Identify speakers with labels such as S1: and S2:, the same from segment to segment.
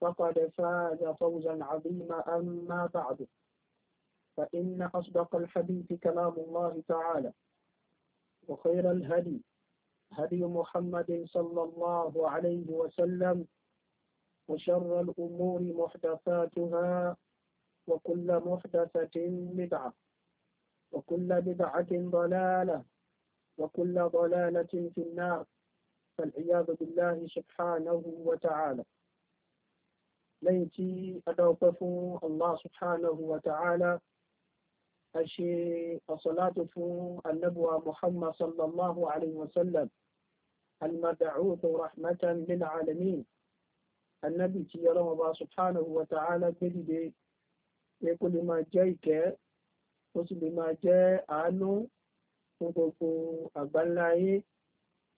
S1: فقد فاز فوزا عظيما أما بعد فإن أصدق الحديث كلام الله تعالى وخير الهدي هدي محمد صلى الله عليه وسلم وشر الأمور محدثاتها وكل محدثة بدعة وكل بدعة ضلالة وكل ضلالة في النار فالعياذ بالله سبحانه وتعالى lẹ́yìn tí adáwọ̀pẹ́ fún Allah subhanahu wa ta'ala a ṣe ọ̀sọ̀látò fún annabuwa Muhammad sallallahu alaihi wasallam almada'utu rahmatan lil alamin annabi tí ọlọ́wọ́ bá subhanahu wa ta'ala gbé dìde pé kó lè máa jẹ́ ìkẹ́ ó sì lè máa jẹ́ àánú fún gbogbo àgbáńláyé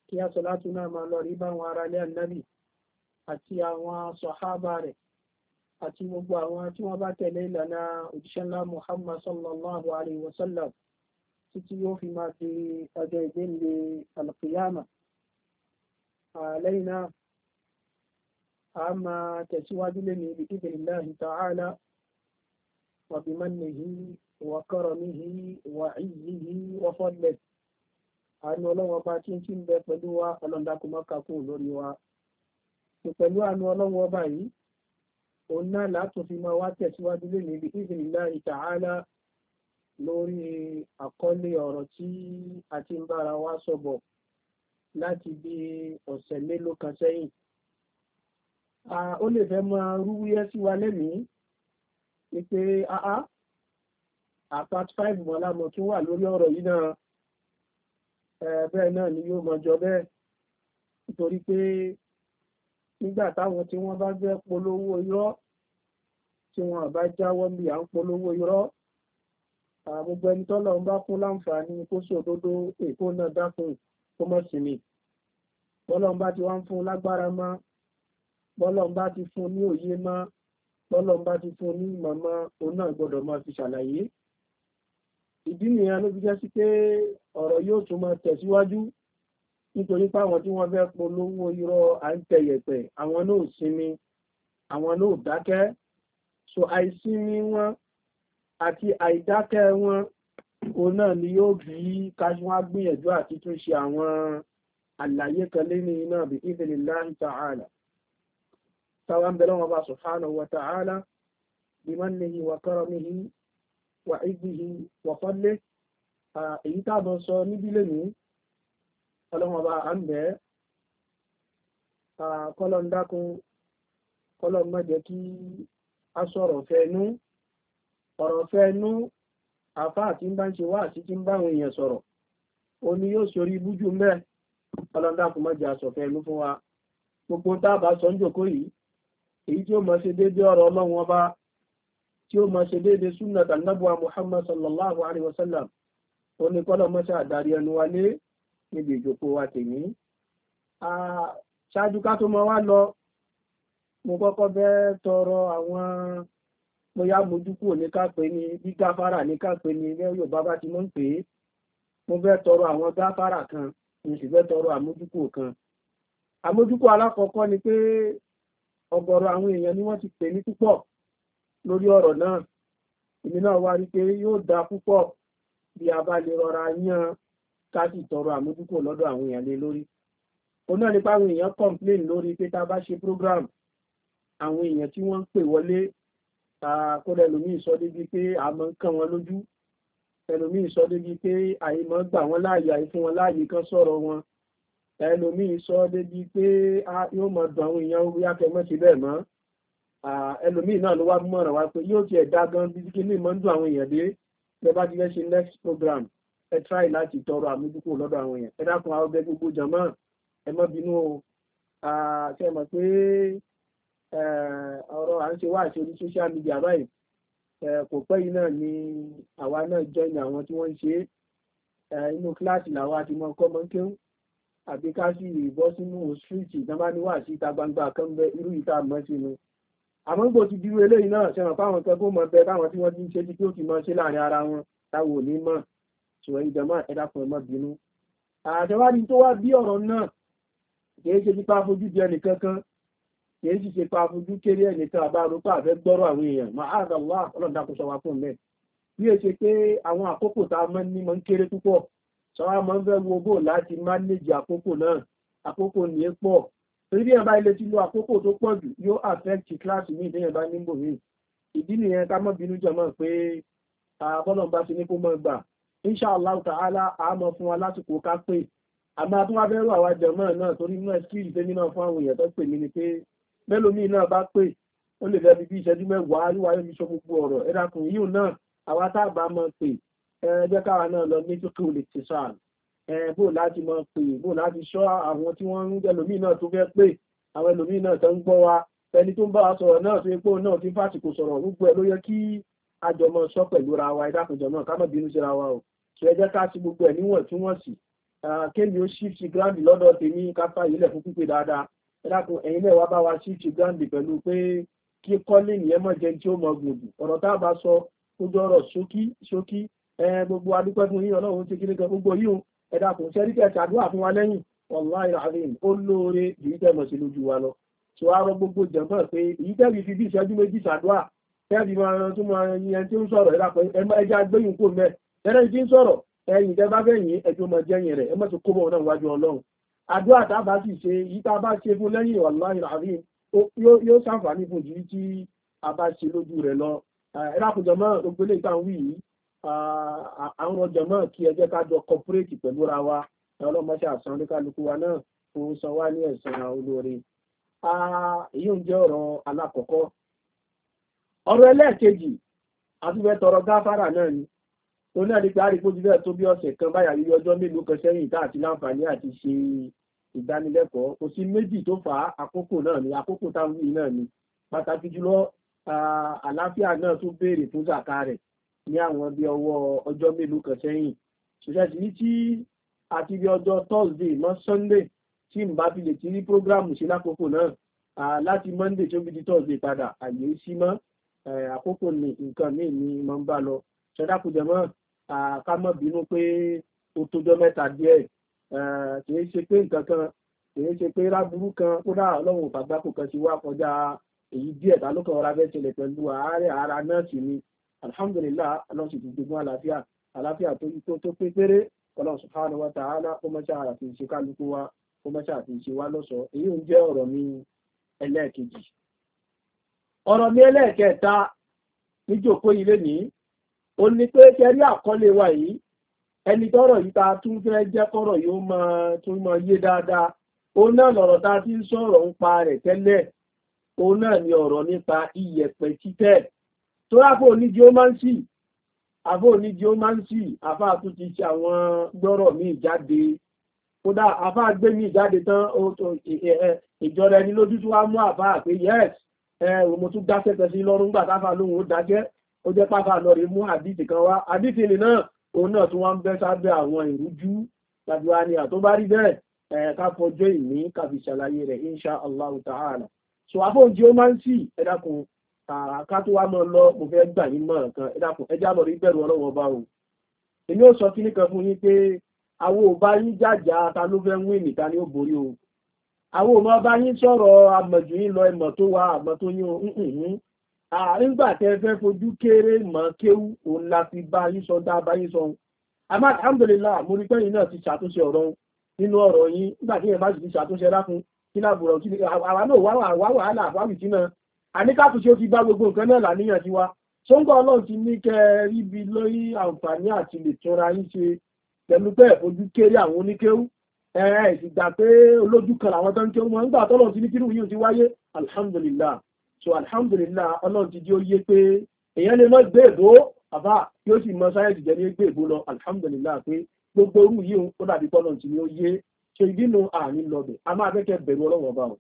S1: kí a náà máa lọ rí báwọn aráalé ànábì àti àwọn sọ̀hábà rẹ̀ àti gbogbo àwọn tí wọ́n bá tẹ̀lé ìlànà òjíṣẹ́ ńlá Muhammad sallallahu alayhi wa sallam títí yóò fi máa fi ọjọ́ ìgbéǹde alqiyama lẹ́yìn náà a máa tẹ̀síwájú lé ní ibi ìbẹ̀ ìlàhì ta'ala wa bi mannihi wa karamihi wa izzihi wa fadlihi àánú ọlọ́wọ́ bá tí ń tí ń bẹ pẹ̀lú wa ọlọ́ndàkùnmọ́kakú lórí wa pẹ̀lú àánú ọlọ́wọ́ báyìí òun náà látún fi máa wá tẹ̀síwájú lè níbi ìdìnláì tààlà lórí àkọlé ọ̀rọ̀ tí a ti ń bára wa sọ̀bọ̀ láti bí ọ̀sẹ̀ mélòó kan sẹ́yìn. Ó lè fẹ́ máa rúwúyẹ́ sí wa lẹ́mìí ni pé apart five mọ́lámọ́ tún wà lórí ọ̀rọ̀ yìí náà bẹ́ẹ̀ náà ni yóò mọ jọ bẹ́ẹ̀ nítorí pé nígbà táwọn tí wọ́n bá fẹ́ polówó irọ́ tí wọ́n bá jáwọ́ bí à ń polówó irọ́ gbogbo ẹni tọ́lọ̀ ń bá fún láǹfààní kó sòdodo èkó náà dákun kó mọ̀ sí mi bọ́lọ̀ ń bá ti wá ń fún lágbára mọ́ bọ́lọ̀ ń bá ti fún ní òye mọ́ bọ́lọ̀ ń bá ti fún ní ìmọ̀ mọ́ òun náà gbọ́dọ̀ máa fi ṣàlàyé ìdí nìyẹn ló fi jẹ́ sí pé ọ̀rọ̀ yóò tún máa tẹ̀síwájú nítorí pé àwọn tí wọ́n fẹ́ polówó irọ́ à ń tẹ̀yẹ̀pẹ̀ àwọn náà sinmi àwọn náà dákẹ́ so àìsinmi wọn àti àìdákẹ́ wọn òun náà ni yóò bí káṣíwá gbìyànjú àti túnṣe àwọn àlàyé kan lé ní iná bí idhnillahi ta'ala táwọn bẹ̀rẹ̀ wọn bá subhanahu wa ta'ala bí mannihi wa karamihi wa idhihi wa fadlihi èyí tábọ̀ sọ níbí lẹ́yìn ọlọ́mọba à ń bẹ́ẹ̀ kọ́lọ̀ ń dákun kọ́lọ̀ má jẹ́ kí a sọ̀rọ̀ fẹ́nu ọ̀rọ̀ fẹ́nu àfáà tí ń bá ń ṣe wá àti tí ń bá àwọn èèyàn sọ̀rọ̀ o ní yóò ṣorí ibújú mẹ́ kọ́lọ̀ ń dákun má jẹ́ àsọ̀fẹ́ inú fún wa gbogbo tá sọ ń jòkó yìí èyí tí ó mọ̀ ṣe déédéé ọ̀rọ̀ ọlọ́run ọba tí ó mọ̀ ṣe déédéé súnà tànàbùwà Muhammad sallallahu alaihi wasallam ó ní kọ́lọ̀ mọ́ṣáà darí ẹnu wa lé níbi ìjókòó wa tèmi ṣáájú ká tó mọ wá lọ mo kọ́kọ́ bẹ́ tọrọ àwọn bóyá mojúkú ní ká pè ní bí gáfárà ní ká pè ní ilé Yorùbá bá ti ń pè é mo fẹ́ tọrọ àwọn gáfárà kan mo sì fẹ́ tọrọ àmójúkú kan àmójúkú alákọ̀ọ́kọ́ ni pé ọ̀gọ̀rọ̀ àwọn èèyàn ni wọ́n ti pè ní púpọ̀ lórí ọ̀rọ̀ náà èmi náà wá rí pé yóò dáa púpọ̀ bí a bá lè rọra yan ká sì tọrọ àmójúkò lọ́dọ̀ àwọn èèyàn lé lórí òun náà nípa àwọn èèyàn complain lórí pé tá a bá ṣe program àwọn èèyàn tí wọ́n ń pè wọlé kódà ẹlòmíì sọ débi pé a máa ń kán wọn lójú ẹlòmíì sọ débi pé àyè máa ń gbà wọ́n láàyè àyè fún wọn láàyè kan sọ̀rọ̀ wọn ẹlòmíì sọ débi pé yóò máa dùn àwọn èèyàn orí akẹ́mọ́ sí bẹ́ẹ̀ mọ́ ẹlòmíì náà ló wá mọ̀ràn wá pé yóò tiẹ̀ dá gan bí kí ní ìmọ̀ ń dùn àwọn èèyàn dé bẹ́ẹ̀ bá ti fẹ́ ṣe next program ẹ tíráì láti tọrọ àmójúkò lọ́dọ̀ àwọn èèyàn ẹ dákun àwọn ọbẹ̀ gbogbo jàmọ́ ẹ má bínú o ṣe mọ̀ pé ọ̀rọ̀ à ń ṣe wá àṣírí social media báyìí kò pẹ́ yìí náà ni àwa náà join àwọn tí wọ́n ń ṣe inú kíláàsì làwa ti mọ kọ́ mọ́ kéwù àbí ká sì bọ́ sínú street ìjọba ní wà sí ìta gbangba kan bẹ irú ìta mọ́ sínú àmọ́ gbò ti dúró eléyìí náà ṣe mọ̀ fáwọn kan kó mọ bẹ báwọn tí wọ́n ti ń ṣe tí ó ti mọ ṣe láàrin ara wọn táwọn ò ní mọ̀ so ẹ̀yìn jama ẹ̀dá fún ẹmọ bínú àtẹwádìí tó wá bí ọ̀rọ̀ náà kìí ṣe nípa fojú di ẹnìkan kan kìí sì ṣe pa fojú kéré ẹnìkan àbárúpá àfẹ́ gbọ́rọ̀ àwọn èèyàn máa àgbàwá ọlọ́dà kò sọwá fún mẹ́ bí è ṣe pé àwọn àkókò tá a mọ́ ní mọ́ ń kéré púpọ̀ sọwá mọ́ ń fẹ́ wo bó láti mánéjì àkókò náà àkókò ní pọ̀ torí bí ẹ̀bá ilé ti lo àkókò tó pọ̀ jù yóò affect kíláàsì míì déyàn bá níbò míì ìdí nìyẹn ká mọ́ bínú jọmọ́ pé àbọ́lọ̀ bá ti ní kó mọ́ gbà inshallah ta'ala àmọ́ fún wa lásìkò ká pé àmọ́ tó wá bẹ́rù àwa jẹ̀mọ́ náà torí náà skills tẹ́mi náà fún àwọn èèyàn tó pè mí ni pé mẹ́lòmíì náà bá pè ó lè fẹ́ fi bí ìṣẹ́jú mẹ́wàá àríwá yóò fi sọ gbogbo ọ̀rọ̀ ẹ dákun náà àwa tá a bá mọ̀ pé ẹ jẹ́ káwa náà lọ ní tókè olè ti sáà bó láti mọ̀ pé bó láti ṣọ́ àwọn tí wọ́n ń jẹ́lòmíì náà tó fẹ́ pé àwọn ẹlòmíì náà tó ń gbọ́ wa ẹni tó ń bá wa sọ̀rọ̀ náà tó epo náà ti fásitì kò sọ̀rọ̀ gbogbo ẹ ló yẹ kí àjọmọ̀ sọ pẹ̀lú ra wa ẹ dákun jọmọ́ ká má bínú síra wa o ṣe ẹjẹ́ ká sí gbogbo ẹ̀ níwọ̀ntúnwọ̀nsì kéèmí ó ṣífì gíráǹdì lọ́dọ̀ tèmi káfá ìlẹ̀ fún pípé dáadáa ẹ dákun ẹ̀yin náà wá bá wa ṣífì gíráǹdì pẹ̀lú pé kí kọ́lé nìyẹn mọ̀ jẹun tí ó mọ gbòdì ọ̀rọ̀ tá a bá sọ kójú ọ̀rọ̀ ṣókí ṣókí gbogbo adúpẹ́ fún yín ọlọ́run ti kíni kan gbogbo yín o ẹ dákun sẹ́rí kẹ́ ṣàdúrà fún wa lẹ́yìn wàláì ràhìn ó lóore èyí tẹ́ mọ̀ sí ẹ̀rẹ́ ìdí ń sọ̀rọ̀ ẹ̀yìn tẹ́ bá fẹ́ yìn ẹjọ́ mọ jẹ́yìn rẹ̀ ẹ mọ̀ sí kó bọ̀ náà wájú ọlọ́run àdúrà tá a bá sì ṣe yìí a bá ṣe fún lẹ́yìn wàláhì àrí yóò ṣàǹfààní fún jù tí a bá ṣe lójú rẹ̀ lọ ẹ̀rákùnjọmọ́ ògbélé ìtàn wí yìí àwọn ọjọ́mọ́ kí ẹ jẹ́ ká jọ kọpúrẹ́tì pẹ̀lú ra wa ọlọ́mọṣẹ́ àsan oníkálukú wa náà kó san wá ní ẹ̀san olóore èyí ń jẹ́ ọ̀rọ̀ alákọ̀ọ́kọ́ ọ̀rọ̀ ẹlẹ́ẹ̀kejì àtúfẹ́ gáfárà náà ni tó náà ní pé àríkó ti fẹ́ tó bí ọ̀sẹ̀ kan báyà yíyọ ọjọ́ mélòó kan sẹ́yìn tá láǹfààní àti ṣe ìdánilẹ́kọ̀ọ́ kò sí méjì tó fà á àkókò náà ni àkókò táwọn náà ni pàtàkì jùlọ àlàáfíà náà tó béèrè fún zàká rẹ̀ ní àwọn bí ọwọ́ ọjọ́ mélòó kan sẹ́yìn ṣùgbọ́n ní tí àti bí ọjọ́ Thursday mọ́ Sunday tí n bá fi lè ti rí prógrámù sí lákòókò náà láti Monday tó fi di Thursday padà àyè sí àkókò ní nǹkan ni mo ń bá lọ ṣọdá kùjẹ mọ́ ká má bínú pé ó tójọ́ mẹ́ta díẹ̀ eh, kìí ṣe pé nǹkan kan kìí ṣe pé ráburú kan kódà ọlọ́run òfàgbákò kan ti wá kọjá èyí díẹ̀ ta ló kàn ọ̀rá bẹ́ẹ̀ ṣẹlẹ̀ pẹ̀lú àárẹ̀ ara náà sì ni alhamdulillah ọlọ́run sì ti gbogbo àlàáfíà àlàáfíà tó tó tó pé péré ọlọ́run subhanahu wa ta'ala ó mọ́ṣá àti ìṣe kálukú wa ó mọ́ṣá àti ìṣe wa lọ́sọ̀ọ́ èyí ń jẹ́ ọ̀rọ̀ mi ẹlẹ́ẹ̀kejì ọ̀rọ̀ mi ẹlẹ́ẹ̀kẹta níjókòó ilé nìí ó ní pé kẹrí àkọlé wa yìí ẹni tọ́rọ̀ yìí ta tún fẹ́ jẹ́ kọ́rọ̀ yìí ó máa tún máa yé dáadáa òun náà lọ̀rọ̀ ta ti ń sọ̀rọ̀ ń pa rẹ̀ tẹ́lẹ̀ òun náà ni ọ̀rọ̀ nípa iyẹ̀pẹ̀ títẹ̀ tó ráfò oníjì ó máa ń sì àfò oníjì ó máa ń sì àfà tún ti ṣe àwọn gbọ́rọ̀ míì jáde kódà àfà gbé míì jáde tán ìjọra ẹni lójú tó wá mú àfà pé yes mo tún dá sẹ́tẹ̀ sí lọ́rùn gbà táfà ó dájẹ́ ó jẹ́ pátá lọ rí mú àdìsí kan wá àdìsí ni náà òun náà tún wá ń bẹ́ sábẹ́ àwọn ìrújú tàbí wá ní àtó bá rí bẹ́ẹ̀ ká fọjọ́ ìní ká fi ṣàlàyé rẹ̀ insha allah ta'ala so àfọ́njì ó máa ń sì ẹ dákun ká tó wá mọ́ lọ mo fẹ́ gbà yín mọ́ nǹkan ẹ dákun ẹ rí bẹ̀rù ọlọ́wọ́ bá o èmi ò sọ kíní kan fún yín pé àwọn ò bá yín jàjà ta ló fẹ́ wí nìta ni ó o àwọn ò máa bá yín sọ̀rọ̀ àmọ̀jù yín lọ ẹ̀mọ̀ tó wà àmọ̀ tó yín o nígbà tí ẹ fẹ́ fojú kéré mọ́ kéwú òun la fi bá yín sọ dá bá yín sọ àmọ́ alhamdulillah mo rí pẹ́yìn náà ti ṣàtúnṣe ọ̀rọ̀ nínú ọ̀rọ̀ yín nígbà tí ẹ bá sì ti ṣàtúnṣe rákun kí láàbùrọ̀ kí àwa náà wá wàhálà àfáwì sí náà àníkàtúnṣe ó ti bá gbogbo nǹkan náà làníyàn ti wá ṣóńgbà ọlọ́run ti ní kẹ́ ríbi lórí àǹfààní àti lè túnra yín ṣe pẹ̀lú pé ojú kéré àwọn oníkéwú ẹ̀ ìgbà pé olójú kan làwọn tó ń kéwú wọn nígbà tọ́lọ́run ti ní kírù yìí ti wáyé alhamdulillah so alhamdulillah ọlọ́run ti di ó yé pé èèyàn lè mọ́ gbé èbó àbá yóò sì mọ sáyẹ́ǹsì jẹ́ ní gbé èbó lọ alhamdulillah pé gbogbo orú yìí ó dàbí pọ́lọ́run ti ní ó yé ṣe ìbínú àní lọ́bẹ̀ a máa fẹ́kẹ́ bẹ̀rù ọlọ́run ọba o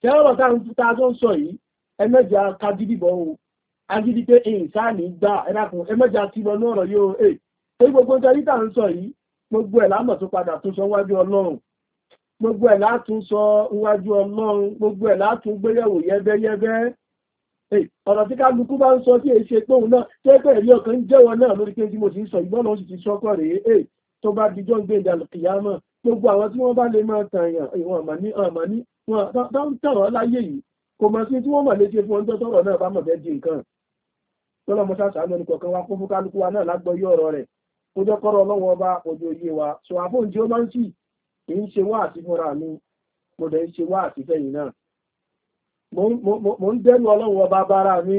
S1: tẹ́ ọ̀rọ̀ tá a tó ń sọ yìí ẹmẹ́jà kagídìbọ̀ o agídí pé ìsáàní gbà ẹ̀dàkùn ẹmẹ́jà ti lọ ní ọ̀rọ̀ yóò ẹ̀ pé gbogbo ń tẹ́rí tà ń sọ yìí gbogbo ẹ̀ lámọ̀ tó padà gbogbo ẹ̀ látún sọ níwájú ọlọ́run gbogbo ẹ̀ látún gbéyẹ̀wò yẹ́bẹ́yẹ́bẹ́ ọ̀rọ̀ tí kálukú bá ń sọ tí èyí ṣe tóun náà tó ẹgbẹ́ ìrí ọkàn ń jẹ́wọ́ náà lórí pé tí mo sì ń sọ ìgbọ́n náà sì ti sọ́kọ̀ rèé tó bá dijọ́ ń gbé ìdàlùkìyàmọ̀ gbogbo àwọn tí wọ́n bá lè máa tàn yàn ìwọ̀n àmà ní àmà ń tàn wọ́n láyé yìí kò mọ̀ sí tí wọ́n mọ̀ léṣe fún ọjọ́ tọ́rọ̀ náà bá mọ̀ fẹ́ di nǹkan tọ́lọ́mọ ṣàṣàánú ẹnì kọ̀ọ̀kan wa kún fún kálukú wa náà lágbọ́ yí rẹ̀ kójọ́ kọ́rọ̀ ọlọ́wọ́n ọba òjò wa sọ àfóúnjẹ ó máa ń sì kì í ṣe wá àti fúnra mi mo dẹ̀ ń ṣe wá àti fẹ́yìn náà mo ń dẹ́nu ọlọ́run ọba bára mi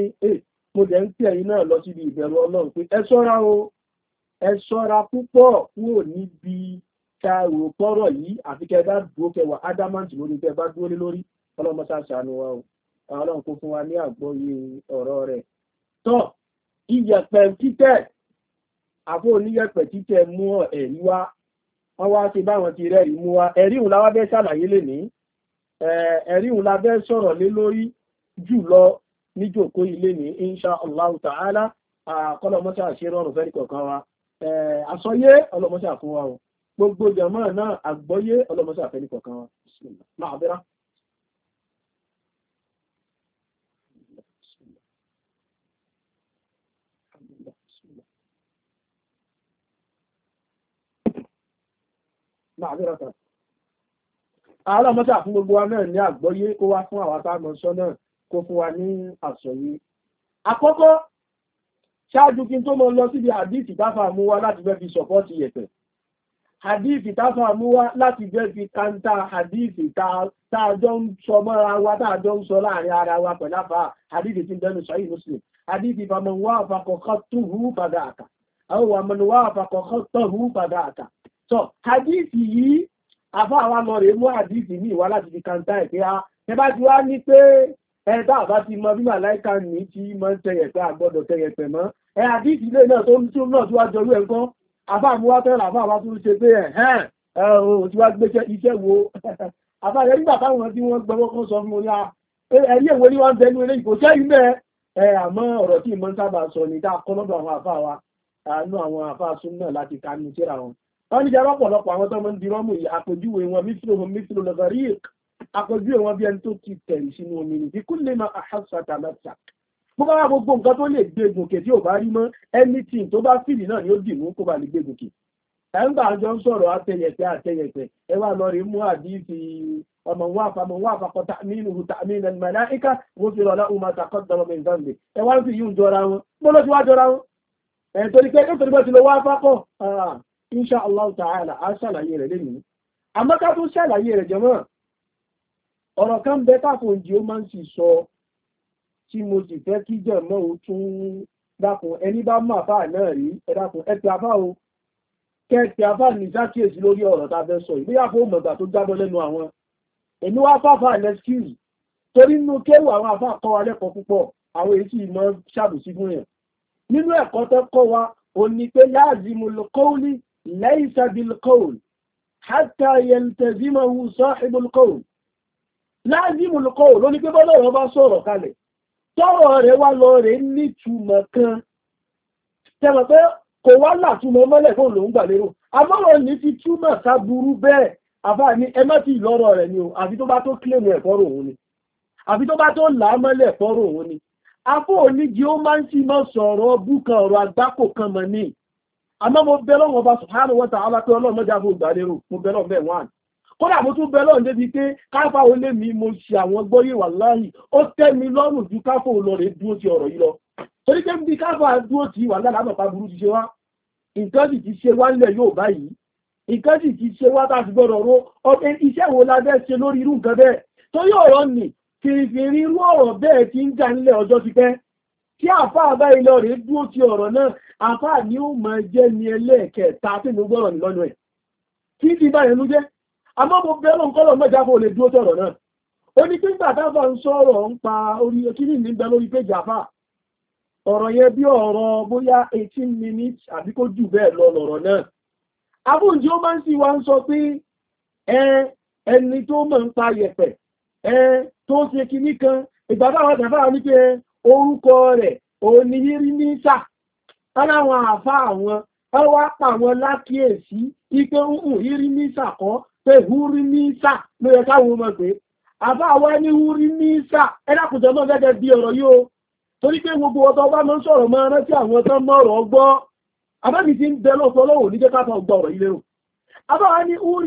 S1: mo dẹ̀ ń pè ẹ̀yin náà lọ síbi ìbẹ̀rù ọlọ́run pé ẹ ṣọ́ra o ẹ ṣọ́ra púpọ̀ kúrò níbi ká rò pọ́rọ̀ yìí àfi kẹ bá dúró kẹwà adamant lórí kẹ bá dúró lé lórí ọlọ́mọ wọ́n wá sí báwọn ti rẹ́rìí mú wa ẹ̀rí òun láwá bẹ́ ṣàlàyé lè ní ẹ̀rí òun sọ̀rọ̀ lé lórí jùlọ níjòkó ilé ní insha allah ta'ala kọ́lọ̀mọ́sà ṣe rọrùn fẹ́ kọ̀ọ̀kan wa àsọyé ọlọ́mọ́sà fún wa o gbogbo jàmáà náà àgbọ́yé ọlọ́mọ́sà fẹ́ kọ̀ọ̀kan
S2: wa
S1: máàdúrọ̀tà alọ́mọ́sà fún gbogbo wa náà ní àgbọ́yé kó wá fún àwọn atámọ̀ṣọ́ náà kó fún wa ní àsọ̀yé àkọ́kọ́ ṣáájú kí n tó mọ lọ síbi àdíìtì táfà mú wá láti fẹ́ fi sọ̀pọ́ọ̀tì yẹ̀pẹ̀ àdíìtì táfà mú wá láti fẹ́ fi káńtà àdíìtì táàjọ ń sọ mọ́ra wa táàjọ ń sọ láàrin ara wa pẹ̀láfà àdíìtì tí ń dẹnu sọ́yì muslim àdíìtì faman wá àfakọ̀kọ́ tó hú padà àkà àwọn àmọ́ni wá àfakọ̀kọ́ tó hú padà àkà tọ́ hadisi yìí afọ́ àwa lọ rèé mú hadisi ní ìwá láti fi kanta ẹ̀ pé a ah, ẹ bá ti wá ní pé ẹ tá àbá ti mọ bí màláìka ní tí máa ń tẹyẹ̀pẹ́ àgbọ́dọ̀ tẹyẹ̀pẹ́ mọ́ ẹ hadisi ilé náà tó ń tún náà tí wá jọrú ẹ̀ ń kọ́ afá àmúwátẹ́rà afá àbá tó ń ṣe pé ẹ̀ òun tí wá gbé iṣẹ́ wo àbáyẹ nígbà táwọn tí wọ́n gbọ́gbọ́ kan sọ fún orí ẹ̀rí èwo ní wọ́n bẹnu eré ìkò ṣẹ́ ilẹ̀ ẹ̀ àmọ́ ọ̀rọ̀ tí ìmọ̀ ń sábà sọ ní dá kọ́ lọ́dọ̀ àwọn àfáà wa àánú àwọn àfáà súnmọ́ láti kánú síra wọn wọ́n ní jẹ́rọ pọ̀lọpọ̀ àwọn tọ́mọ ń di rọ́mù yìí àpèjúwe wọn mísìlò wọn mísìlò lọ́gọ́rík àpèjúwe wọn bí ẹni tó ti tẹ̀rì sínú omi nì bí kúlẹ̀ máa àhásàtà mẹ́ta bó bá wà gbogbo nǹkan tó lè gbé gòkè tí ò bá rí mọ́ anything tó bá fìlì náà ni ó dì mú kó bá lè gbé gòkè ẹ̀ǹgbà àjọ ń sọ̀rọ̀ àtẹ̀yẹ̀tẹ̀ àtẹ̀yẹ̀tẹ̀ ẹ wá lọ rí mú àdìsí ọmọ wa fàmọ wa fàkọ tàmínú tàmínú màláíkà wọ́n fi rọ̀lá ọmọ àtàkọ́dọ̀mọ́ mi nzànde ẹ wá ń fi yíwùn jọra wọn bọ́lọ́ ti wá jọra wọn ẹ̀ torí pé nítorí bá ti lọ wá fákọ̀ ah insha Allah ta'ala a ṣàlàyé rẹ̀ lẹ́nu àmọ́ ká tó ṣàlàyé rẹ̀ jẹ́mọ́ ọ̀rọ̀ kan bẹ káàkùn jí ó máa ń sì sọ tí mo sì fẹ́ kí jẹ̀mọ́ ò tún dákun ẹni bá mọ̀ àfáà náà rí ẹ dákun ẹ o kẹ ti àfáà ní sákìyèsí lórí ọ̀rọ̀ tá a fẹ́ sọ ìgbéyà fún òmùgbà tó jábọ́ lẹ́nu àwọn èmi wá fáfáà lẹ́skìrì torí nínú kéwù àwọn àfáà kọ́ wa lẹ́kọ̀ọ́ púpọ̀ àwọn èyí sì mọ ṣàbùsí fún yẹn nínú ẹ̀kọ́ tó kọ́ wa òní pé láàzìmù lọ́kọ́ọ́lì ليس بالقول حتى يلتزمه صاحب القول لازم القول ó ní pé bọ́lọ̀ ọba sọ̀rọ̀ kalẹ̀ tọ́rọ̀ rẹ̀ wá lọ rẹ̀ nítumọ̀ kan tẹ́lọ̀ pé kò wá látúmọ̀ mọ́lẹ̀ fún lòún gbà lérò abọ́rọ̀ ní ti túmọ̀ sáburú bẹ́ẹ̀ àbá ní ẹ má ti lọ́rọ̀ rẹ̀ ni o àfi tó bá tó kílèmù ẹ̀fọ́rọ̀ òun ni àfi tó bá tó làámọ́lẹ̀ ẹ̀fọ́rọ̀ òun ni afọ́ òní jí ó máa ń sì mọ́ sọ̀rọ̀ bú kan ọ̀rọ̀ àgbákò kan mọ̀ níì àmọ́ mo bẹ lọ́wọ́ ọba subhanahu wa ta'ala pé ọlọ́run mọ́jà fún ìgbàlérò mo bẹ lọ́wọ́ bẹ́ẹ̀ wọ́n kódà mo tún bẹ lọ́run débi pé káfà ó mi mo ṣe àwọn gbọ́yé wà láàyè ó tẹ́ mi lọ́rùn ju káfà ó lọ dúró ti ọ̀rọ̀ yìí lọ torí pé bí káfà dúró ti wà lára àmọ̀pá burú ti ṣe wá nǹkan sì ti ṣe wá nílẹ̀ yóò báyìí nǹkan sì ti ṣe wá láti gbọ́dọ̀ ro ọkẹ́ iṣẹ́ wo la bẹ́ẹ̀ ṣe lórí irú nǹkan bẹ́ẹ̀ torí ọ̀rọ̀ nì kìrìkìrì irú ọ̀rọ̀ bẹ́ẹ̀ ti ń jà nílẹ̀ ọjọ́ ti pẹ́ kí àfá àbá ilọ̀ rẹ̀ dúró ti ọ̀rọ̀ náà àfá ní ó mọ̀ jẹ́ ní ẹlẹ́ẹ̀kẹta tí mo gbọ́rọ̀ mi lọ́nu ẹ̀ kí ti bá ẹnu jẹ́ àmọ́ mo bẹ́ lóun kọ́lọ̀ mọ́jà kó lè dúró tọ̀rọ̀ náà ó ní pé gbàtà bá ń sọ̀rọ̀ ń pa orí kíní ní bẹ lórí péjì àfá ọ̀rọ̀ yẹn bí ọ̀rọ̀ bóyá eighteen minutes àbí kó jù bẹ́ẹ̀ lọ lọ̀rọ̀ náà abúǹjì ó máa ń sì wá ń sọ pé ẹ ẹni tó mọ̀ ń pa yẹ̀pẹ̀ ẹ tó ṣe kinní kan ìgbàdá àwọn àtàfà ní pé orúkọ rẹ̀ òun ni yírímísà aláwọn àfá àwọn ọwá pa àwọn ipé ń hù yírímísà kọ́ pé húrímísà ló yẹ káwọn ọmọ pé àfá àwọn ẹni húrímísà ẹlákùnjẹ náà gẹ́gẹ́ bí ọ̀rọ̀ yóò torí pé gbogbo ọ̀tọ̀ bá mọ́ sọ̀rọ̀ mọ́ rántí àwọn tán gbọ́ ti ń bẹ lọ́wọ́ gbọ́ ọ̀rọ̀ àfá àwọn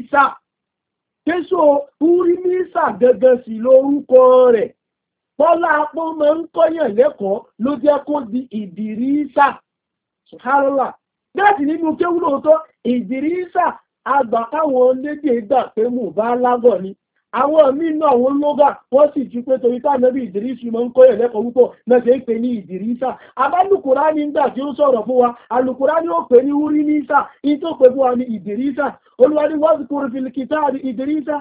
S1: ẹni késo púrímísà gangan sí lórúkọ rẹ̀ bọ́lá apọ́ máa ń kọ́yàn lẹ́kọ̀ọ́ ló jẹ́ kó di ìdìrísà ṣùhálà bẹ́ẹ̀ nínú kéwú lóòótọ́ ìdìrísà àgbà káwọn lédè gbà pé mò bá ni àwọn míì náà wọn lóga wọ́n sì ju pé torí táà nẹ́bí ìdírísù mọ́ ń kọ́ yẹ̀ lẹ́kọ̀ọ́ púpọ̀ náà ṣe ń pè ní ìdírísà abálùkùrá ní gbà tí ó sọ̀rọ̀ fún wa alùkùrá ní ó pè ní wúrí nísà in tó pè fún wa ní ìdírísà olúwa wọ́n ti kúrò fìlìkìtà ní ìdírísà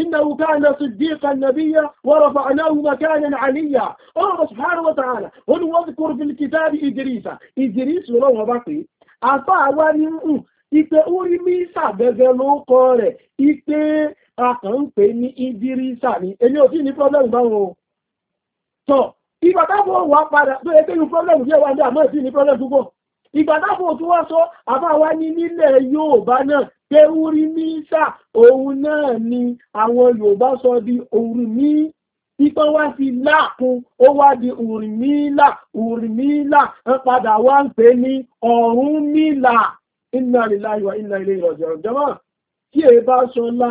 S1: إنه كان صديقا نبيا ورفعناه مكانا عليا الله سبحانه وتعالى قل واذكر في الكتاب إدريس إدريس لو بقي أفا ونمو إتأوري ميسا بذلو قاري إتأوري akàn ń pè ní ìdírísà ní èmi ò tí ní pọ́blẹ́mù báwọn o tọ̀ ìgbà táwọn ò wá padà tó yẹ kéyìn pọ́blẹ́mù díẹ̀ wá ní àmọ́ ìsìn ní pọ́blẹ́mù púpọ̀ ìgbà táwọn ò tún wá sọ àbáwá ní nílẹ̀ Yorùbá náà pé wúrí mísà òun náà ni àwọn Yorùbá sọ di òun ní Ìtọ́ wá sí láàkún, ó wá di Ùrìmílà, Ùrìmílà, ń padà wá ń pè ní Ọ̀rúnmìlà. Inna lillahi wa inna ilayhi raji'un. Jàmáà, tí è bá ṣọlá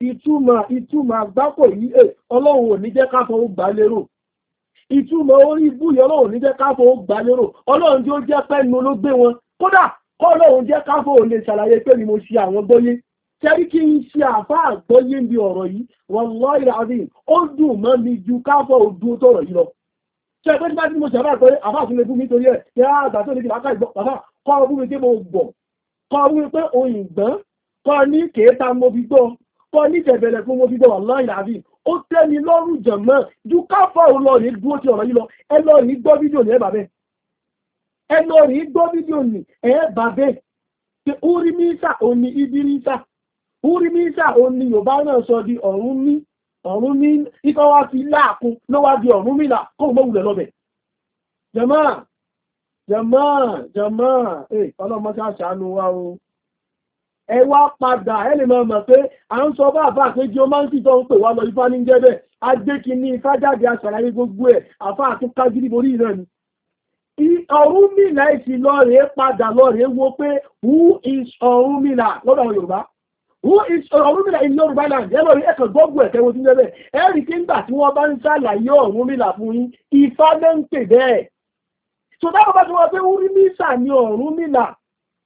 S1: ìtumọ̀ ìtumọ̀ àgbákò yìí ọlọ́run ò ní jẹ́ ká fọwọ́ gbà lérò ìtumọ̀ orí ibúyẹ ọlọ́run ní jẹ́ káfọ́ ó gbà lérò ọlọ́run tí ó jẹ́ pẹ́nu ló gbé wọn kódà kọ́ ọlọ́run jẹ́ káfọ́ ò lè ṣàlàyé pé ni mo ṣe àwọn gbọ́yé tẹ́rí kí n ṣe àfá àgbọ́yé ń bi ọ̀rọ̀ yìí wallahi alazim ó dùn mọ́ mi ju káfọ́ òdu tó rọ̀ yìí lọ ṣe pé nígbà tí mo ṣe àfá àgbọ́yé àfá àtúnlé fún mi torí ẹ̀ mo gbọ́ kọ́ ọ fún mi pé òyìnbọn kọ́ ní kéèta sọ níjẹ̀bẹ̀rẹ̀ fún mo fi bọ̀ wà láì làbí ó tẹ́ mi lọ́rùn jẹ̀ mọ́ ju káfà ò lọ rèé dúró ti ọ̀rọ̀ yìí lọ ẹ lọ rèé gbọ́ fídíò ní ẹ bàbẹ́ ẹ lọ rèé gbọ́ fídíò ní ẹ bàbẹ́ ṣe orí mísà ò ní ibi mísà orí mísà ò ní Yorùbá náà sọ di ọ̀run mí ọ̀run mí ikọ́ wá fi láàkún ló wá di ọ̀run mí là kó mọ́ wulẹ̀ lọ́bẹ̀ jẹ̀mọ́ jẹ̀mọ́ jẹ̀mọ́ ọlọ́mọ ṣàṣàánú wa o ẹ wá padà ẹ lè máa mọ̀ pé à ń sọ báàbá àpéjì ó máa ń títọ́ ń pè wá lọ ifá ní jẹ́ bẹ́ẹ̀ adéki ní ifá jáde aṣàlàyé gbogbo ẹ̀ àfa àtún kágídí borí ìrẹ́ ni. Ọ̀rúnmìlà ìsì lọ rèé padà lọ rèé wo pé who is Ọ̀rúnmìlà lọ́dọ̀ Yorùbá who is Ọ̀rúnmìlà in Yorùbá land ẹ lọ rí ẹ̀kọ́ gbọ́gbù ẹ̀kẹ́ wo ti ń jẹ́ bẹ́ẹ̀ ẹ rí kí nígbà tí wọ́n bá ń ṣàlàyé Ọ̀rúnmìlà fún yín ifá ló ń pè bẹ́ẹ̀. sọdá bàbá tí wọ́n pé wúrí mísà ni Ọ̀rúnmìlà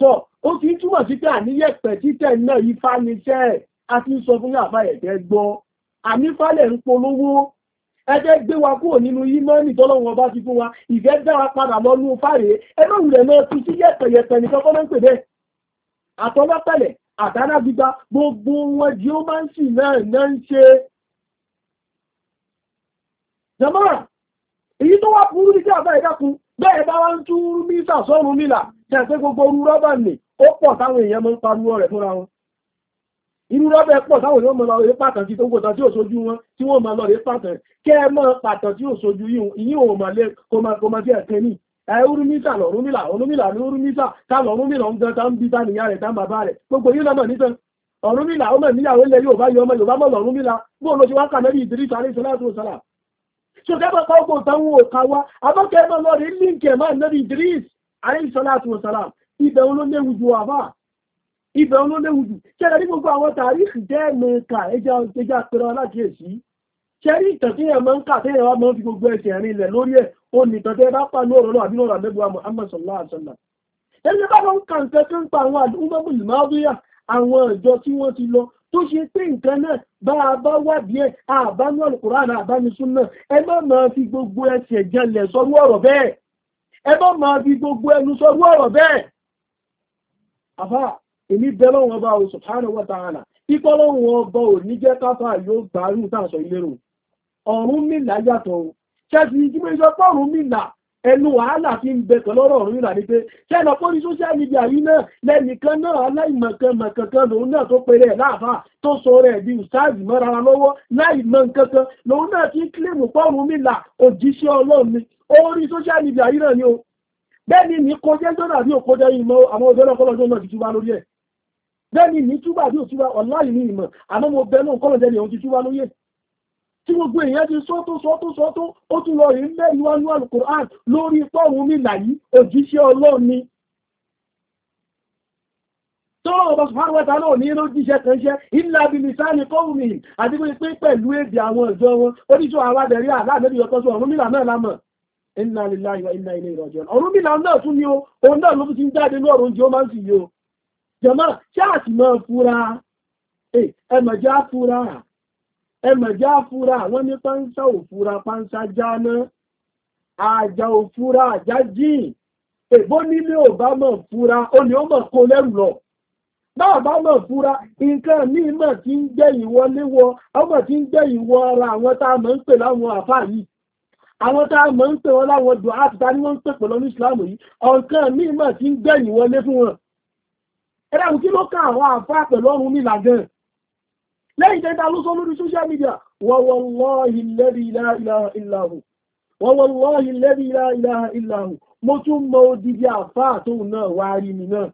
S1: tọ̀ ó ti túmọ̀ sí pé àníyẹ̀pẹ̀ títẹ̀ náà ifá níṣẹ́ ẹ̀ a ti sọ fún yàrá ẹ̀jẹ̀ gbọ́ ànífàlẹ̀ ń polówó ẹgbẹ́ gbé wa kúrò nínú yímọ́nì tọ́lọ́wọ́n bá ti fún wa ìfẹ́ dára padà lọ́nú fàyè ẹgbẹ́ ìrẹ̀ náà tún sí yẹ̀pẹ̀yẹ̀pẹ̀ nìkan kọ́ ló ń pè bẹ́ẹ̀ àtọ́lọ́pẹ̀lẹ̀ àdáná gbígbá gbogbo wọn jí ó máa ń sì náà náà ń ṣe. jamara èyí tó wá burú ní sí àbá ẹ̀dá bẹ́ẹ̀ bá wá ń tún mí sàsọ́run nílà ṣe pé gbogbo irú rọ́bà nì ó pọ̀ táwọn èèyàn máa ń pariwo rẹ̀ fúnra wọn irú rọ́bà pọ̀ táwọn èèyàn máa lọ rí pàtàkì tó gbọ́ta tí ò sojú wọn tí wọ́n máa lọ rí pàtàkì kẹ́ ẹ mọ́ pàtàkì tí ò sojú yìí ò mà lè kọmọdé ẹ̀kẹ́ ní ẹ̀rúmísà lọ̀rúmílà ọ̀rúmílà ní ọ̀rúmísà tá lọ̀rúmílà ń gan tá ń bí tá nìyá rẹ̀ tá bàbá rẹ̀ gbogbo yìí lọ́mọ nítan ọ̀rúnmìlà ọmọ ìníyàwó ilẹ̀ yóò bá yọ ọmọ Yorùbá mọ̀ lọ̀rúnmìlà bóò ló ṣe wá kà mẹ́rin ìdírí sáré sọlá tó sọlá ṣùgbọ́n kẹ́kọ̀ọ́ kọ́ ògbó táwọn ò ká wá abọ́kẹ́ mọ́ lọ́rí líǹkì ẹ̀ máa nẹ́rin ìdírí alayhi salatu wa salam ibẹ̀ ló léwu ju àbá ibẹ̀ ló léwu jù ṣẹlẹ̀ ní gbogbo àwọn tàríkì jẹ́ mẹ́ka ẹja ẹja pẹ̀lú aláàkíyèsí ṣẹ́rí ìtàn tí ẹ̀mọ́ ń kà tí ẹ̀wà mọ́ fi gbogbo ẹ̀sẹ̀ rìn lẹ̀ lórí ẹ̀ ó ní ìtàn tí ẹ bá pa ní ọ̀rọ̀ náà àbí lọ́rọ̀ àbẹ́gbọ́ Muhammad sallallahu alaihi wasallam ẹni bá lọ ń kà nǹkan tó ń pa àwọn àdúgbò mọ́bíyà àwọn ìjọ tí wọ́n ti lọ tó ṣe pé nǹkan náà bá a bá wádìí ẹ̀ àbánú Al-Qur'an àbánisún náà ẹ má máa fi gbogbo ẹ̀sẹ̀ jẹlẹ̀ sọ́rú ọ̀rọ̀ ẹbọ́ máa bí gbogbo ẹnu sọrú ọ̀rọ̀ bẹ́ẹ̀ àfá èmi bẹ lọ́wọ́ ọba o subhanahu wa ta'ala ikọ́ lọ́wọ́ ọba ò ní jẹ́ káfà yóò gbárù tàṣọ ìlérò ọ̀run mìlà yàtọ̀ o ṣẹ́sì ìjímọ̀ iṣẹ́ pọ̀run mìlà ẹnu wàhálà fi ń bẹ pẹ̀lọ́rọ̀ ọ̀run mìlà ní pé ṣẹ́nà pórí social media yìí náà lẹ́nìkan náà aláìmọ̀kan mọ̀kankan lòun náà tó pèrè ẹ̀ láàfà tó sọ rẹ̀ bí ustazi mọ́ra lọ́wọ́ láìmọ̀ lòun náà ti kílèmù pọ̀run mìlà òjíṣẹ́ ọlọ́run orí social media yìí náà ni o bẹ́ẹ̀ni ní kó jẹ́ jọ́nà àbí òkó jẹ́ ìmọ̀ àwọn ọ̀dọ́ ọlọ́kọ́lọ́jọ́ náà ti túbá lórí ẹ̀ bẹ́ẹ̀ni ní túbà àbí òtúbà ọ̀láyìí ní ìmọ̀ àmọ́ mo bẹ́ẹ̀ náà kọ́lọ̀jẹ́ ni òun ti túbá lórí ẹ̀ tí gbogbo èèyàn ti sọ́tó sọ́tó sọ́tó ó tún lọ rí mẹ́ níwájú alukur'an lórí pọ́ọ̀hún mi làyí òjíṣẹ́ ọlọ́run ni tọ́rọ ọba subhanahu wa ta'ala ní ló jíṣẹ́ kan ṣẹ́ illa bi lisani qawmihim àti pé pẹ̀lú èdè àwọn ìjọ wọn oníṣọ́ àwọn adẹ̀rí àláàbẹ̀bí ọkọ̀ sọ ọ̀run mílà náà lámọ̀ inna lillahi wa inna ilayhi raji'un ọ̀run bí làwọn náà tún ní o òun náà ló fi ti ń jáde ní ọ̀run oúnjẹ ó máa ń sì ṣáàtì máa fura ẹmọ̀já fura ẹmọ̀já fura wọ́n ní pánsá òfura pánsá jáná àjà òfura àjá jìn èbó nílé ò bá mọ̀ fura ó ní ó mọ̀ kó lẹ́rù lọ bá mọ̀ fura nǹkan míì mọ̀ tí ń gbẹ̀yìn wọlé wọ ọmọ tí ara àwọn tá a mọ̀ ń pè àwọn tá a mọ̀ ń pè wọ́n láwọn dùn àtìta ní wọ́n ń pè pẹ̀lú Islam yìí ọ̀kan míì mà ti ń gbẹ̀yìn wọlé fún wọn ẹ̀rọ kí ló ká àwọn àfá pẹ̀lú ọ̀run mi làgán lẹ́yìn tẹ́ta ló sọ lórí social media wa wallahi alladhi la ilaha illa wa wallahi la ilaha illa hu mo tún mọ odidi àfá àtòun náà wá rí mi náà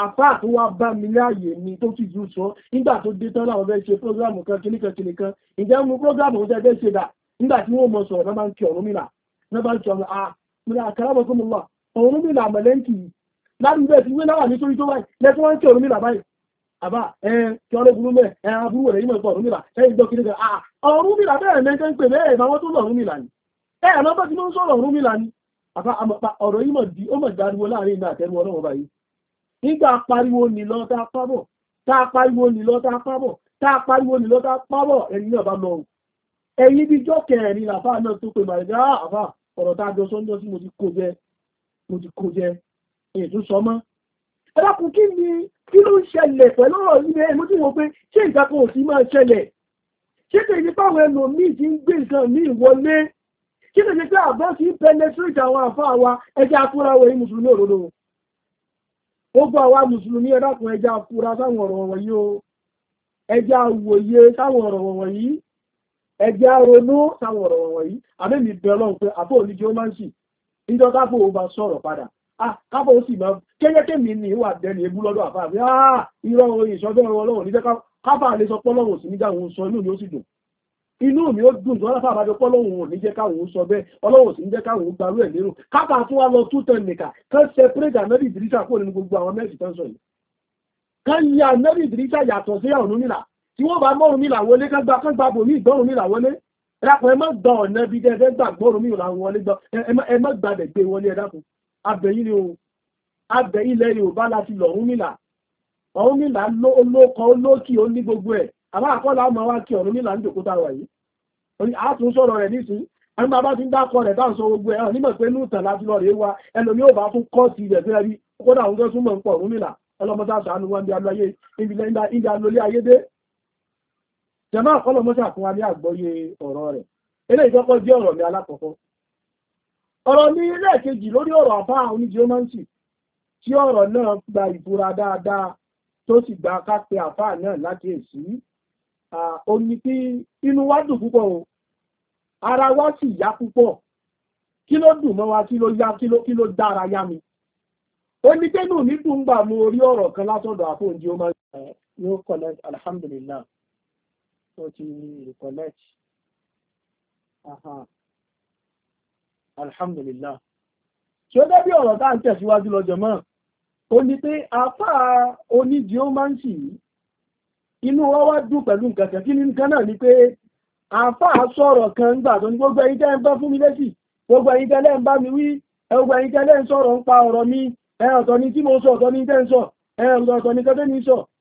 S1: àfáà tó wá bá mi láàyè mi tó ti jù sọ nígbà tó dé tán láwọn fẹ́ ṣe prógrámù kan kíníkan kíníkan ǹjẹ́ mú prógrámù oúnjẹ fẹ́ ṣe dà nígbà tí wọ́n mọ̀ sọ̀rọ̀ náà bá ń kí Ọ̀rúnmìlà náà bá ń kí ọ̀rọ̀ àmìlà àkàràbọ̀ tó mọ̀ wà Ọ̀rúnmìlà mọ̀lẹ́ǹkì lárúgbó ẹ̀ tí wé láwà nítorí tó báyìí lẹ́tí wọ́n ń kí Ọ̀rúnmìlà báyìí àbá ẹ kí ọlọ́gbùnú mẹ́ ẹ aburú rẹ̀ yìí mọ̀ Ọ̀rúnmìlà ẹ̀yìn gbọ́ kiri kan ah, Ọ̀rúnmìlà bẹ́ẹ̀ mẹ́tẹ́ ń pè bẹ́ẹ̀ máa wọ́n tó lọ Ọ̀rúnmìlà ni ẹ àmọ́ bá ti mọ́ ń sọ̀rọ̀ Ọ̀rúnmìlà ni àbá ọ̀rọ̀ yìí mọ̀ di ó mọ̀ dariwo láàrin ìgbà àtẹnu nígbà pariwo nìlọ tá pábọ̀ tá pariwo nìlọ tá pábọ̀ tá pariwo nìlọ tá pábọ̀ ẹni náà bá lọ ẹ̀yí bí jọ́ kẹrin làfá náà tó pè màrí náà ah, àfá ọ̀rọ̀ tá a jọ sọ́njọ́ sí mo ti kó jẹ mo ti kó kí ni kí ló ń ṣẹlẹ̀ pẹ̀lú ọ̀rọ̀ yìí bẹ́ẹ̀ mo ti wò pé ṣé nǹkan kan ò sí máa ṣẹlẹ̀ ṣé kì í ṣe báwọn ẹlòmíì ti ń gbé nǹkan míì wọlé kí ló ṣe pé àbọ̀ sí penetrate àwọn àfá wa ẹjẹ́ afúra wọ̀nyí mùsùlùmí òdodo ó àwa mùsùlùmí ẹ ẹjẹ́ afúra sáwọn ọ̀rọ̀ wọ̀nyí o ẹjẹ́ àwòye sáwọn ọ̀rọ̀ wọ̀nyí ẹjẹ́ ronú sáwọn ọ̀rọ̀ wọ̀nyí àmẹ́mì bẹ ọlọ́run pé àbó òní jẹ́ ó máa ń sì níjọ káfò ó bá sọ̀rọ̀ padà káfò ó sì máa kẹ́yẹ́kẹ́ mi ní ìwà dẹni ebú lọ́dọ̀ àfáàfi irọ́ oyin ìṣọ́jọ́ ọ̀rọ̀ ọlọ́run níjẹ́ káfà lè sọ pọ́lọ́run òsì níjà òun sọ inú mi ó sì dùn inú mi ó dùn tó láfà àbájọ pọ́lọ́run òní jẹ́ káwọn sọ bẹ́ẹ̀ ọlọ́run òsì níjẹ́ káwọn gbarú ẹ̀ lérò káfà tún wá lọ tún tẹ̀ nìkà kán sẹpẹ́rẹ́dà nẹ́bì ìdírísà kúrò nínú gbogbo àwọn mẹ́sì tán sọ yìí kán yí ànẹ́bì ìdírísà yàtọ̀ sí àwọn onílà tí wọ́n bá mọ́rùn mílà wọlé kẹ́gbà kẹ́gbà bò ní ìgbọ́rùn mílà wọlé ẹ̀dàkùn ẹmọ́ gbọ́ ọ̀nà bí dẹ́ẹ̀dẹ́ gbà gbọ́rùn mílà wọlé gbọ́ ẹmọ́ gbàdẹ̀ gbé wọlé ẹ̀dàkùn abẹ̀yìn ni o abẹ̀yìn ilẹ̀ Yorùbá láti lọ ọ̀hún mílà ọ̀hún mílà olókọ olókì ó ní gbogbo ẹ̀ àmọ́ àkọ́lá ọmọ wa kí ọ̀run mílà ń jòkó tá a wà yìí a tún sọ̀rọ̀ rẹ̀ nísìn àwọn bàbá ti ń dákọ rẹ̀ táwọn sọ gbogbo ẹ̀ hàn nímọ̀ pé lùtàn láti lọ rèé wa ẹlòmí ò bá fún kọ́ọ̀tì rẹ̀ fẹ́ẹ́ bí alóyè ìbílẹ̀ ìdá ìdá lólé jẹmọ́ àkọlọ̀ mọ́ṣà fún wa ní àgbọ́yé ọ̀rọ̀ rẹ̀ ilé ìkọ́kọ́ jẹ́ ọ̀rọ̀ mi alákọ̀ọ́kọ́ ọ̀rọ̀ mi ilé kejì lórí ọ̀rọ̀ àbá oníjiomanti tí ọ̀rọ̀ náà gba ìbúra dáadáa tó sì gba kápẹ́ àbá náà láti èsì ó ní pé inú wa dùn púpọ̀ o ara wa sì yá púpọ̀ kí ló dùn mọ́ wa kí ló yá kí ló kí ló dára yá mi ó ní dùn gbà mú orí ọ̀rọ̀ kan látọ̀dọ̀ àfóúnjẹ ó máa yóò kọ́lẹ́ alhamdulillah tó ti recollect alhamdulillah tí ó dẹ́bí ọ̀rọ̀ tá ń tẹ̀síwájú lọ́jọ́ mọ́ ó ní pé apá onídìí ó máa ń sì inú wọn wá dùn pẹ̀lú nǹkan kan kí ni nǹkan náà ni pé apá sọ̀rọ̀ kan gbà tó ní gbogbo ẹ̀yin tẹ́ ń bá fún mi lẹ́sì gbogbo ẹ̀yin tẹ́lẹ̀ ń bá mi wí gbogbo ẹ̀yin tẹ́lẹ̀ ń sọ̀rọ̀ ń pa ọ̀rọ̀ mi ẹ̀ ọ̀tọ̀ ni tí mo sọ ọ̀tọ̀ ni tẹ́ ń sọ ẹ̀ ọ̀tọ̀ ni kẹ́tẹ́ ni sọ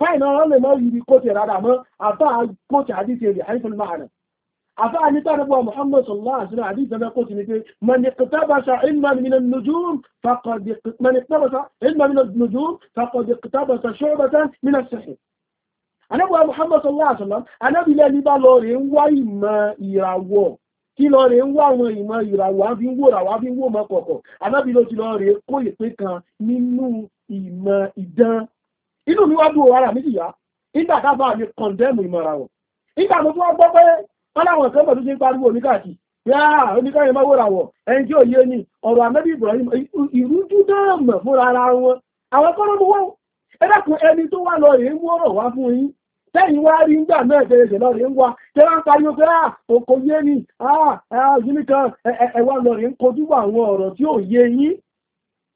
S1: táìnà ọ̀rọ̀ lè mọ́ yìí kóòtù rárá mọ́ àfá kóòtù àdíṣe rẹ̀ àìfún máàrà àfá ní tàbíwà Muhammad sallallahu alaihi wasallam àdíṣe rẹ̀ kóòtù ní pé mọ̀nìkítàbàṣà ilmà minan nujum faqad iqtabasa shu'batan minas sihr anábíwà Muhammad sallallahu alaihi wasallam anábìlẹ̀ ní bá lọ rẹ̀ ń wá ìmọ̀ ìràwọ̀ kí lọ rẹ̀ ń wá àwọn ìmọ̀ ìràwọ̀ àfi ń wò ràwọ̀ àfi ń wò mọ́ kọ̀kọ̀ anábìlẹ̀ ti lọ rẹ̀ ìmọ̀ ìdán inú mi wá ọwara ara mi yá nígbà tábà mi kọ̀ndẹ́mù ìmọ̀ra wọn nígbà mo tún wá gbọ́ pé wọ́n láwọn kan bọ̀ ń pariwo mi káàkiri yá máa wòrà wọ̀ ẹni tí yé ni ọ̀rọ̀ amẹ́bí Ibrahim ìrújú ara wọn àwọn kọ́nà mú wọ́n ẹni tó wá lọ rèé wọ́rọ̀ wá fún yín tẹ́yìn wá rí náà tẹ́lẹ̀ lọ ń wá ni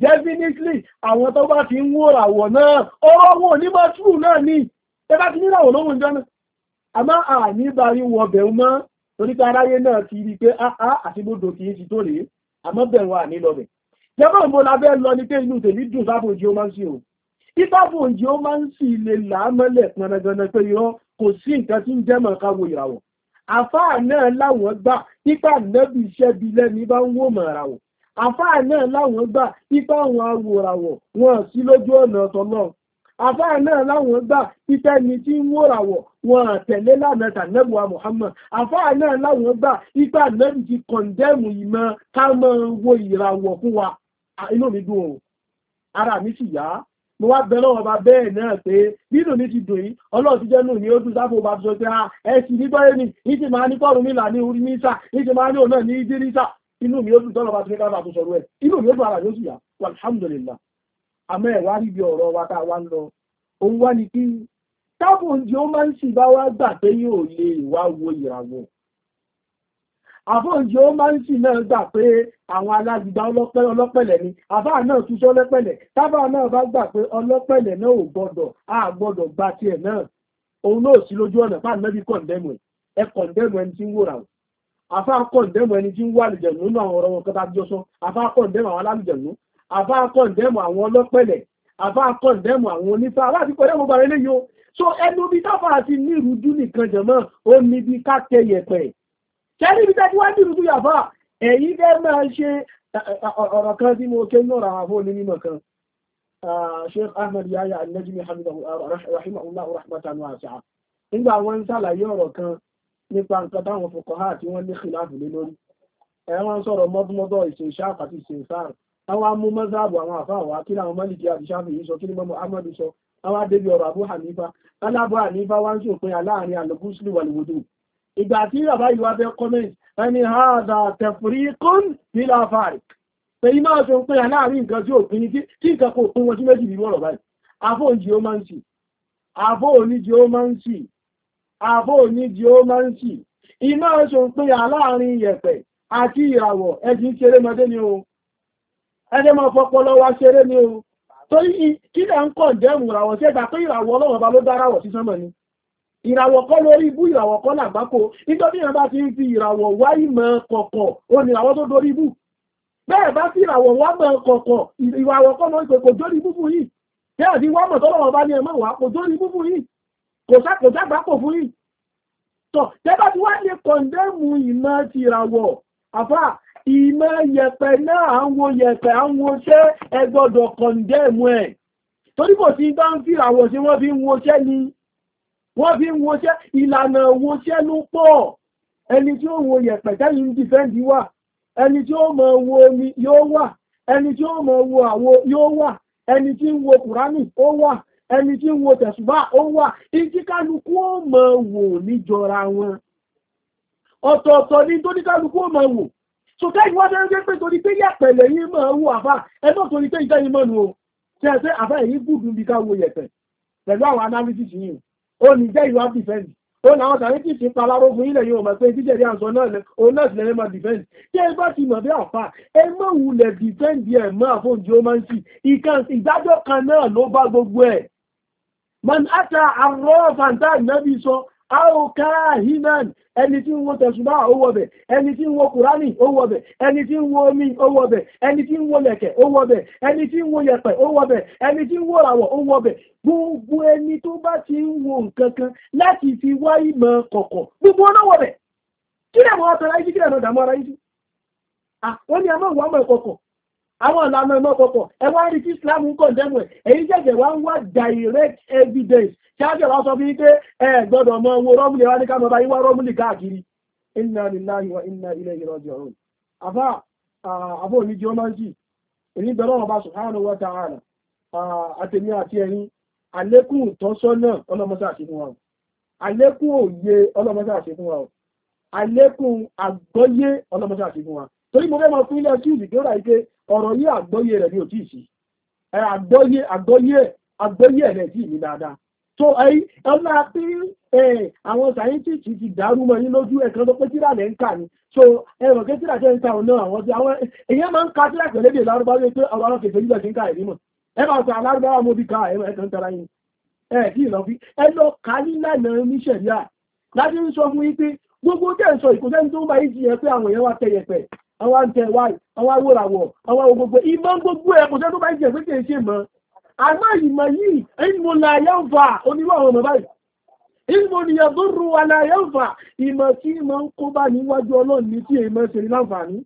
S1: definitely àwọn tó bá ti ń wó ràwọ̀ náà ọ̀rọ̀ wọn ò ní bá túrù náà ní ẹgbá ti níràwọ̀ lóhun jọ́nà àmọ́ àní bá rí wọ bẹ̀rù mọ́ torípé aráyé náà ti rí pé áá ah, ah, àti gbogbo kì í ti tó rèé àmọ́ bẹ̀rù wà ní lọ́bẹ̀ jẹ́bọ̀ ń bo labẹ́ lọ ni pé inú tèmi dùn sábò jí ó máa ń sí o ìtàbò jí ó máa ń sì lè là á mọ́lẹ̀ pọnagana pé irọ́ kò sí nǹkan tí ń àfáà náà láwọn gbà ipá àwọn awòràwọ̀ wọn sí lójú ọ̀nà ọ̀tọ̀lọ́ àfáà náà láwọn gbà ipẹ́ ni tí ń wòràwọ̀ wọn tẹ̀lé lánàá tànẹ́bùwà Muhammad àfáà náà láwọn gbà ipá ànẹ́bì ti kọ̀ǹdẹ́mù ìmọ̀ ká máa wo ìràwọ̀ fún wa inú mi dùn o ara mi sì yá mo wá bẹ̀rẹ̀ wọn bá bẹ́ẹ̀ náà pé nínú mi ti dùn yìí ọlọ́run ti jẹ́nu ní ojú sáfò bá sọ pé ah, ẹ̀sìn nígbà yẹn ni ìtì máa ní kọ́rùn mi là ní orí níta ìtì máa ní òun náà ní ìdíríta inú mi ó dùn tọ́lọ̀ bá ti fẹ́ káfà tó sọ̀rọ̀ ẹ̀ inú mi ó dùn ara yóò sì yá alhamdulillah àmọ́ ẹ̀ wá níbi ọ̀rọ̀ wa tá a wá ń lọ òun wá ní kí tábù oúnjẹ ó máa ń sì bá wá gbà pé yóò lè wá wo ìràwọ̀ àfóúnjẹ ó máa ń sì náà gbà pé àwọn alágbègbè ọlọ́pẹ̀lẹ̀ ni àbá náà tún sọ ọlọ́pẹ̀lẹ̀ tábà náà bá gbà pé ọlọ́pẹ̀lẹ̀ náà ò gbọ́dọ̀ á gbọ́dọ̀ gba tiẹ̀ náà òun náà sí lójú ọ̀nà pàdánù bí kọ̀ǹdẹ́mù ẹ̀ kọ̀ǹdẹ́mù ẹni tí ń wòrà afáàkọ̀ ǹdẹ́mù ẹni tí ń wà lùjẹ̀nù nínú àwọn ọ̀rọ̀ wọn kọta jọ sọ afáàkọ̀ ǹdẹ́mù àwọn alálùjẹ̀nù afáàkọ̀ ǹdẹ́mù àwọn ọlọ́pẹ̀lẹ̀ afáàkọ̀ ǹdẹ́mù àwọn onífà láti kọ̀ ǹdẹ́mù bàrẹ̀ léyìí o so ẹnu bí táfà àti nírúdú nìkan jẹ̀mọ́ ó ní bí ká tẹ yẹ̀pẹ̀ kẹ́rí ibi tẹ́tí wá nírúdú yàfà ẹ̀yìn fẹ́ máa ṣe ọ̀rọ̀ kan tí mo ké nọ̀rọ̀ àwọn onímọ̀ kan Sheikh Ahmed Yahya Al-Najmi hamidu rahimahullah rahmatan wasi'a nígbà wọn ń sàlàyé ọ̀rọ̀ kan nípa nǹkan táwọn fòkànhá tí wọ́n ní kìláàfù lé lórí ẹ̀rọ wọn sọ̀rọ̀ mọ́dúnmọ́dọ̀ ìṣe ìṣáàf àti ìṣe ìṣáàr àwọn amú mọ́sáàbù àwọn àfáàwà kí làwọn mọ́lìkì àti ṣáàfù yìí sọ kí ni mọ́mọ́ ahmadu sọ àwọn adébí ọ̀rọ̀ àbú hanifa alábọ̀ hanifa wá ń ṣòpin aláàrin alùbúsùlù wàlúwòdù ìgbà tí bàbá yìí wá fẹ́ kọ́mẹ́ǹtì ẹni hàdà tẹ̀fùríkún nílà fàrik èyí máa ṣe ń pín nǹkan tí òpin tí nǹkan kò pín wọn sí méjì bí wọ́rọ̀ báyìí àbò ní di ó máa ń sì iná ṣe ń pínyà láàrin ìyẹ̀pẹ̀ àti ìràwọ̀ ẹ̀dì ń ni o ẹjẹ́ máa fọpọlọ ṣeré ni o torí kí lẹ́ ń kọ̀ dẹ́mù ìràwọ̀ sí ẹgbà pé ìràwọ̀ ọlọ́wọ̀ bá ló dáráwọ̀ sí sánmọ̀ ni ìràwọ̀ kọ́ lórí ibú ìràwọ̀ kọ́ làgbákò nítorí bá ti ń fi ìràwọ̀ wá ìmọ̀ kọ̀kọ̀ ó ní ìràwọ̀ tó dorí ibú bẹ́ẹ̀ bá sí ìràwọ̀ wá mọ̀ kò sábàápò fún yìí tọ̀ tẹ́bà tí wá ní kọ̀ndẹ́mù ìmọ̀ ti ìràwọ̀ àfà ìmọ̀ yẹ̀pẹ̀ náà àwọn yẹ̀pẹ̀ àwọn ṣẹ́ ẹ gbọ́dọ̀ kọ̀ndẹ́mù ẹ̀ torí kò sí bá ń fi ìràwọ̀ sí wọ́n fi ń wọṣẹ́ ni wọ́n fi ń wọṣẹ́ ìlànà wọṣẹ́ ló pọ̀ ẹni tí ó wo yẹ̀pẹ̀ tẹ́yìn dìfẹ́ǹdì wà ẹni tí ó mọ̀ wo omi yóò wà ẹni tí ó mọ̀ wo àwo yóò wà ẹni tí ń wo kùránì ó wà ẹni tí ń wo tẹ̀sùbá ó wà ìjí kálukú ó mọ̀ wò níjọra wọn ọ̀tọ̀ọ̀tọ̀ ní tó ní kálukú ó mọ̀ wò so tẹ́yìn wá tẹ́yìn pé torí pé yẹ̀pẹ̀lẹ̀ yìí mọ̀ wò àfà ẹgbẹ́ torí pé ìtẹ́yìn mọ̀ nù o tí ẹ sẹ́ àfà èyí gùdùn bí ká wo yẹ̀pẹ̀ pẹ̀lú àwọn analysis yìí ó ní jẹ́ ìwà defense ó làwọn tàbí tí ti paláró fún ilẹ̀ yóò mọ̀ pé jíjẹ̀rí àṣọ náà lẹ òun náà sì lẹ́yìn máa defense tí ẹ bá ti mọ̀ bí àfà ẹ mọ̀ wulẹ̀ defense ẹ̀ mọ́ àfóúnjẹ ó máa ń sì ìdájọ́ kan náà ló bá gbogbo ẹ̀ a ata àrọ́fàn tá ìnábi sọ áòká hinan ẹni tí wọ́n tẹ̀sùbá owó ẹni tí wọ́n kùránì owó ẹni tí wọ́n omi owó ẹni tí wọ́n lẹ̀kẹ̀ owó ẹni tí wọ́n yẹ̀pẹ̀ owó ẹni tí wọ́n ràwọ̀ gbogbo ẹni tó bá ti ń wo nǹkan kan láti fi gbogbo kí àwọn ìlànà iná pọ̀pọ̀ ẹ wá rí tí Islam ń kọ̀ndẹ́mù ẹ̀ èyí jẹ́jẹ̀ wá direct evidence wá sọ bí pé ẹ gbọ́dọ̀ mọ owó rọ́mùlì wá ní ká mọba rọ́mùlì káàkiri ní èyí ọba àti àlékún ìtọ́sọ́nà ọlọ́mọsá àti fún wa àlékún òye ọlọ́mọsá àti fún wa àlékún àgbọ́yé ọlọ́mọsá àti fún wa torí mo fẹ́ mọ fún ilé ọ̀rọ̀ yí àgbọ́yé rẹ̀ ní ò tíì sí àgbọ́yé àgbọ́yé àgbọ́yé rẹ̀ tíì ní dáadáa tó ẹyí ọlá pé àwọn sáyẹ́ntìsì ti dàrú mọ́ lójú ẹ̀kan tó pé lẹ́ ń kà ní so ẹ̀rọ pé tíra tẹ́ ń ta òun náà àwọn tí àwọn èèyàn máa ń ka tíra pẹ̀lú èdè lárúbáwé pé ọ̀rọ̀ àwọn kèfèrí bẹ̀ sí ń ka ẹ̀rí mọ̀ ẹ máa sọ alárúbáwá mo bí ka ẹ̀kan tara yín ẹ̀ kí ìlọ fi ẹ lọ ka nílànà oníṣẹ̀ríà láti ń sọ fún yín pé gbogbo tẹ̀ ń sọ ìkọ́sẹ́ni tó bá yín ti yẹ pé àwọn èèyàn wá tẹ̀yẹ̀pẹ̀ àwọn àǹtẹ̀ wáì àwọn awòràwọ̀ àwọn gbogbo ìmọ̀ gbogbo ẹ̀ kò sẹ́tọ́ bá ń jẹ́ pé kì í ṣe mọ́ àmọ́ ìmọ̀ yìí ìmọ̀ là yẹn ń fà onílọ̀ àwọn ọmọ báyìí ìmọ̀ nìyẹn tó ru àlà yẹn ń fà ìmọ̀ tí ìmọ̀ ń kó bá níwájú ọlọ́run ní tí èèmọ̀ ṣe ní láǹfààní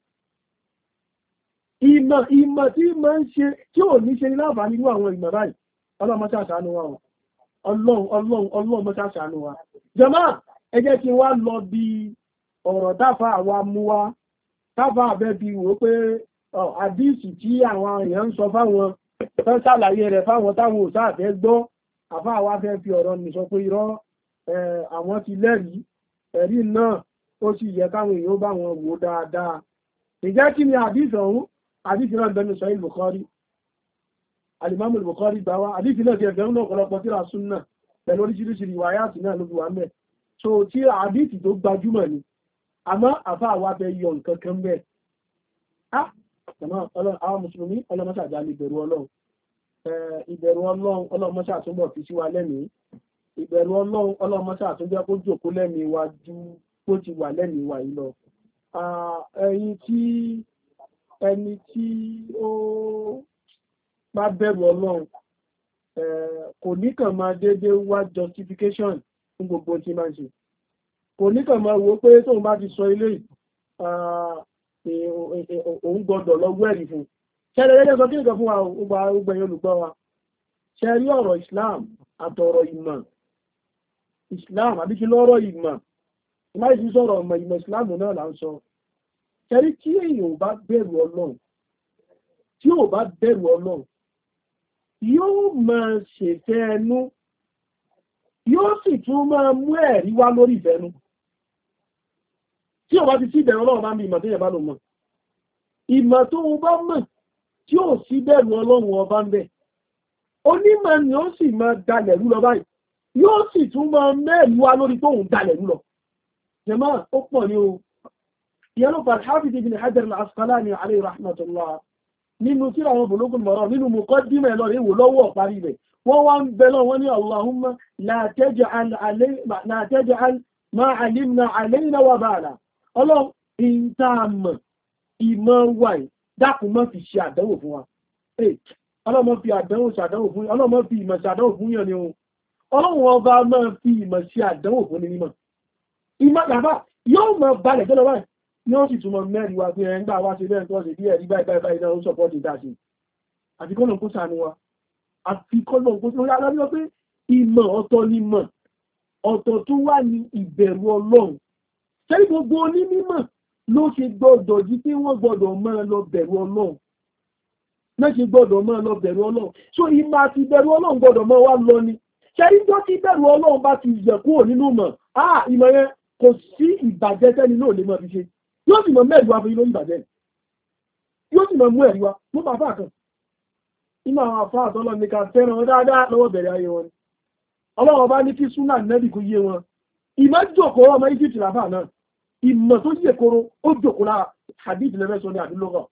S1: ìmọ̀ ìmọ̀ tí ìmọ̀ ń ṣe tí ò ní ṣe ní láǹfààní nínú àwọn ìmọ̀ báyìí ọlọ́run mọ́ṣá ṣàánú wa ọlọ́run ọlọ́run ọlọ́run mọ́ṣá ṣàánú wa jàmáà ẹ jẹ́ kí n wá lọ bí ọ̀rọ̀ dáfà àwa mú wa káfà àbẹ́bí wò pé àdíìsì tí àwọn èèyàn ń sọ fáwọn tó ṣàlàyé rẹ̀ fáwọn táwọn ò sáàfẹ́ gbọ́ àfá àwa fẹ́ fi ọ̀rọ̀ nì pé irọ́ àwọn ti lẹ́rìí ẹ̀rí náà ó sì yẹ káwọn èèyàn bá wọn wò dáadáa ìjẹ́ kí ni àdíìsì ọ̀hún àdíìsì náà bẹnu sọ ìbùkọ́rí alimami ìbùkọ́rí gbà wá àdíìsì náà ti ẹ̀fẹ́ ń lọ́pọ̀lọpọ̀ tíra súnnà pẹ̀lú oríṣiríṣi ìwáyà sí náà ló fi wà mẹ́ àmọ́ àfá àwa bẹ yọ nǹkan kan bẹ́ẹ̀ á tàmá àwọn mùsùlùmí ọlọ́mọṣà dá ní ìbẹ̀rù ọlọ́run ìbẹ̀rù ọlọ́run ọlọ́mọṣà túnbọ̀ fi sí wa lẹ́mìí ìbẹ̀rù ọlọ́run ọlọ́mọṣà tún jẹ́ kó jòkó wa ju bó ti wà lẹ́mìí wa yìí lọ ẹni tí ẹni tí ó bá bẹ̀rù ọlọ́run kò ní kàn máa déédéé wá justification fún gbogbo tí máa ń ṣe kò ní kàn máa wo pé tóun bá ti sọ ilé òun gbọdọ̀ lọ wẹ́rì fún ṣẹlẹ̀ lẹ́jọ́ sọ kí nìkan fún wa ọgbà ọgbẹ̀yìn olùgbọ́ wa ṣe rí ọ̀rọ̀ Islam àtọ̀rọ̀ ìmọ̀ Islam àbí kí lọ́rọ̀ ìmọ̀ ìmáyìí sọ̀rọ̀ ọmọ ìmọ̀ Islam náà là ń sọ ṣe rí tí èèyàn bá bẹ̀rù Ọlọ́run tí ò bá bẹ̀rù Ọlọ́run yóò máa ṣèfẹ́ ẹnu yóò sì tún máa mú ẹ̀rí wá lórí ìfẹ́nu tí ó bá ti sí ìbẹ̀rù ọlọ́run bá ń bí ìmọ̀ tó yẹ bá lò mọ̀ ìmọ̀ tó o bá mọ̀ tí ó sí bẹ̀rù ọlọ́run ọba ń bẹ̀ onímọ̀ ni ó sì máa dalẹ̀ rú lọ báyìí yóò sì tún máa mẹ́ẹ̀lú wa lórí tóun dalẹ̀ rú lọ jẹ̀mọ́ ó pọ̀ ní o ìyẹn ló fàá Hafiz ibn Hajar al-Asqalani alayhi rahmatullah nínú tíra àwọn Bulughul Maram nínú muqaddimah ẹ̀ lọ rí wò lọ́wọ́ parí rẹ̀ wọ́n wá ń bẹ lọ́wọ́ ní Allahumma la taj'al ma'a alimna alayna wa bala ọlọ́run ìta àmọ̀ ìmọ̀ wà dákun mọ́ fi ṣe àdánwò fún wa ọlọ́mọ fi àdánwò ṣàdánwò fún ọlọ́mọ fi ìmọ̀ ṣàdánwò fún yàn ni ohun ọlọ́run ọba máa fi ìmọ̀ ṣe àdánwò fún ni mímọ̀ ìmọ̀ làbá yóò mọ̀ balẹ̀ jọ́lọ́ báyìí yóò sì túnmọ̀ mẹ́rin wa pé ẹ̀ ń gbà wá sí ilé ẹ̀kọ́ sí bí ẹ̀rí báyìí báyìí báyìí náà ó sọ̀pọ̀ ti dáṣe àfi kọ́ lóun kó sànù wa àfi kọ́ lóun kó sànù wa lábẹ́ pé ìmọ̀ ọ̀tọ̀ ni mọ̀ ọ̀tọ̀ tó wà ní ìbẹ̀rù ọlọ́run ṣé gbogbo onímọ̀ ló ṣe gbọ́dọ̀ jí pé wọ́n gbọ́dọ̀ máa lọ bẹ̀rù ọlọ́run náà ṣe gbọ́dọ̀ máa lọ bẹ̀rù ọlọ́run so ìmọ̀ àti bẹ̀rù ọlọ́run gbọ́dọ̀ máa wá lọ ni ṣẹ́rí tó ti bẹ̀rù ọlọ́run bá ti yẹ̀ kúrò nínú mọ̀ á ìmọ̀ yẹn kò sí ìbàjẹ́ sẹ́ni náà lè mọ̀ fi ṣe yóò sì mọ̀ mẹ́rin wa fún yín lórí ìbàjẹ́ yóò sì mọ̀ mú ẹ̀rí wa mú bàbá kan inú àwọn afá àtọ́lọ́ ní ká fẹ́ràn wọn dáadáa lọ́wọ́ bẹ̀rẹ̀ ayé wọn ọlọ́run bá ní kí súnà nẹ́bì kó yé wọn ìmọ̀ jòkó ọmọ Egypt làbá náà ìmọ̀ tó yẹ koro ó jòkó lára hadith lẹ́fẹ́ sọ ní àdúlọ́gọ̀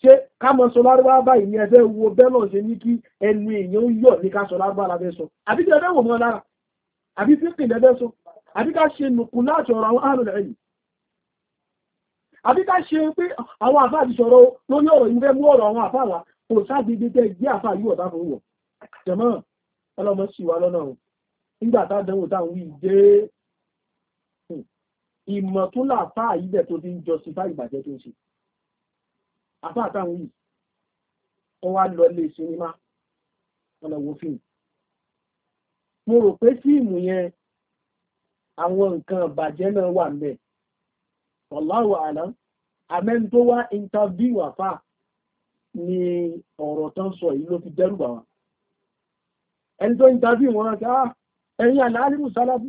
S1: ṣé ká mọ sọ lárúbá báyìí ni ẹfẹ́ wo bẹ́lọ̀ ṣe ní kí ẹnu èèyàn yọ̀ ní ká sọ lárúbá la fẹ́ sọ àbí kí ẹfẹ́ wò mọ́ lára àbí fífì lẹ́fẹ́ sọ àbí ká ṣe nùkú láti ọ̀rọ̀ àwọn àrùn rẹ̀ yìí àbí ká ṣe pé àwọn àfá àti sọ̀rọ̀ lórí ọ̀rọ̀ ìfẹ́ mú ọ̀rọ̀ àwọn àfá wa kò sáàgbégbé tẹ́ gbé àfá yìí ọ̀dá fún wọn jẹ̀mọ́ ọlọ́mọ sì wá lọ́nà nígbà tá dánwò táwọn wí dé ìmọ̀ tó láàfá àyíbẹ̀ tó ti ń justify ìbàjẹ́ tó ń ṣe àfá àtàwọn yìí ó wá lọ lé sinimá ọ̀nà wo fíìmù mo rò pé fíìmù yẹn àwọn nǹkan ìbàjẹ́ náà wà ń bẹ̀ ọ̀láwọ̀ àná àmẹ́ni tó wá interview àfá ni ọ̀rọ̀ tán sọ yìí ló fi dẹ́rù bà wá ẹni tó interview wọn rán ah, sí ẹ̀yìn àlálìmù sálábù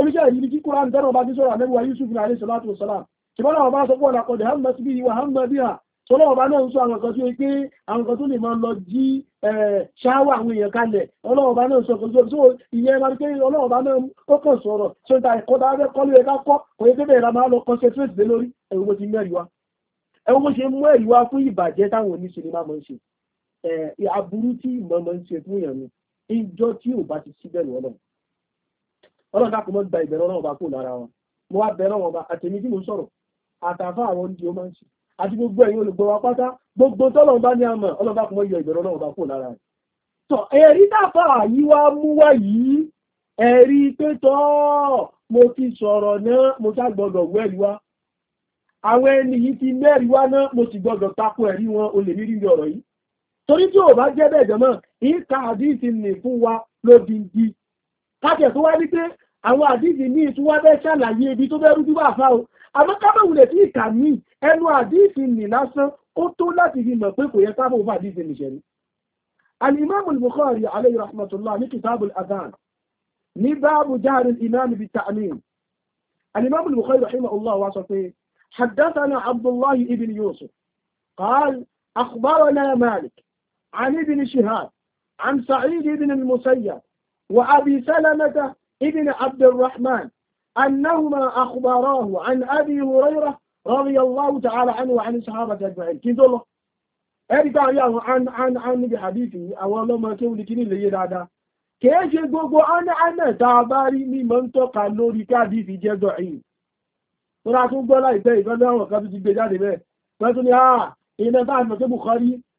S1: oníṣẹ́ ìdí kí kúrán tẹ́rọ bá ti sọ́rọ̀ àmẹ́wà Yusuf ní alẹ́ sọ́lá tó sọ́lá ṣùgbọ́n àwọn bá sọ pé ọ̀nà kọ̀dẹ̀ hàn mẹ́sí bí ìwà hàn mẹ́ bí à sọ́lọ́ ọba náà ń sọ àwọn kan tó pé àwọn kan tó lè máa lọ jí ṣáwà àwọn èèyàn kalẹ̀ ọlọ́ọ̀ba náà sọ pé so ìyẹn máa pé ọlọ́ọ̀ba náà ó kàn sọ̀rọ̀ tó ta ẹ̀kọ́ tá a fẹ́ kọ́ ló yẹ ká kọ́ kò yẹ kébẹ̀rẹ̀ máa lọ concentrate lé lórí ẹ̀wọ̀n bó ti mẹ́rin wa ẹ̀wọ̀n bó ṣe mú ẹ̀rí wa fún ìbàjẹ́ táwọn oníṣẹ́ máa mọ̀ ń ṣe aburú tí ìmọ̀ mọ̀ ń ṣe fún èèyàn ni ìjọ tí ò bá ti síbẹ̀ lọ́nà ọlọ́run dákùn mọ́ gba ìbẹ̀rẹ̀ ọlọ́run bá kò lára wọn mo wá bẹ̀rẹ̀ ọlọ́run bá àtẹ̀mí tí mo ń sọ̀rọ̀ àtàfà àwọn oúnjẹ ó máa ń ṣe àti gbogbo ẹ̀yin olùgbọ́ wa pátá gbogbo tọ́lọ́run bá ní àmọ́ ọlọ́run dákùn mọ́ yọ ìbẹ̀rẹ̀ ọlọ́run bá kò lára wọn. tọ ẹ̀rí dàfà yìí wá mú wá yìí ẹ̀rí pé tọ́ mo ti sọ̀rọ̀ náà mo sá gbọ́dọ̀ wẹ́rí wá àwọn ẹni yìí ti mẹ́rí wá náà mo sì gbọ́dọ̀ tako ẹ̀rí wọn o lè rí ọ̀rọ̀ yìí torí tí ò bá jẹ́ bẹ́ẹ̀ jọmọ́ ìka àdìsí nì fún wa lódindi kájẹ̀ tó wá ní pé àwọn àdíjì ní ìtú wá bẹ́ ṣàlàyé ibi tó bẹ́rú bí wà fá o àmọ́ kábẹ̀wùlẹ̀ sí ìkà ní ẹnu àdíjì nì lásán ó tó láti fi mọ̀ pé kò yẹ kábẹ̀ òfà àdíjì nì ṣẹ̀rí al-imam al-bukhari alayhi rahmatullah ní kitab al ní báàbù jahar al-imam bi ta'mim al-imam al-bukhari rahimahullah wa sọ pé حدثنا عبد الله بن يوسف قال أخبرنا مالك عن ابن شهاب عن سعيد بن المسيب وأبي سلمة ابن عبد الرحمن أنهما أخبراه عن أبي هريرة رضي الله تعالى عنه وعن الصحابة أجمعين كيف الله ẹ̀ríkà yàwó an an níbi àdífì àwọn ọlọ́mọ tí ó lè kí ní lè yé dáadáa kìí ṣe gbogbo ọ́nà ánà tàà bá rí ní mọ́ ń tọ́ka lórí káàdífì jẹ́gọ̀ ẹ̀yìn tó rá tún gbọ́lá ìfẹ́ ìfẹ́ kan tó ti gbé jáde bẹ́ẹ̀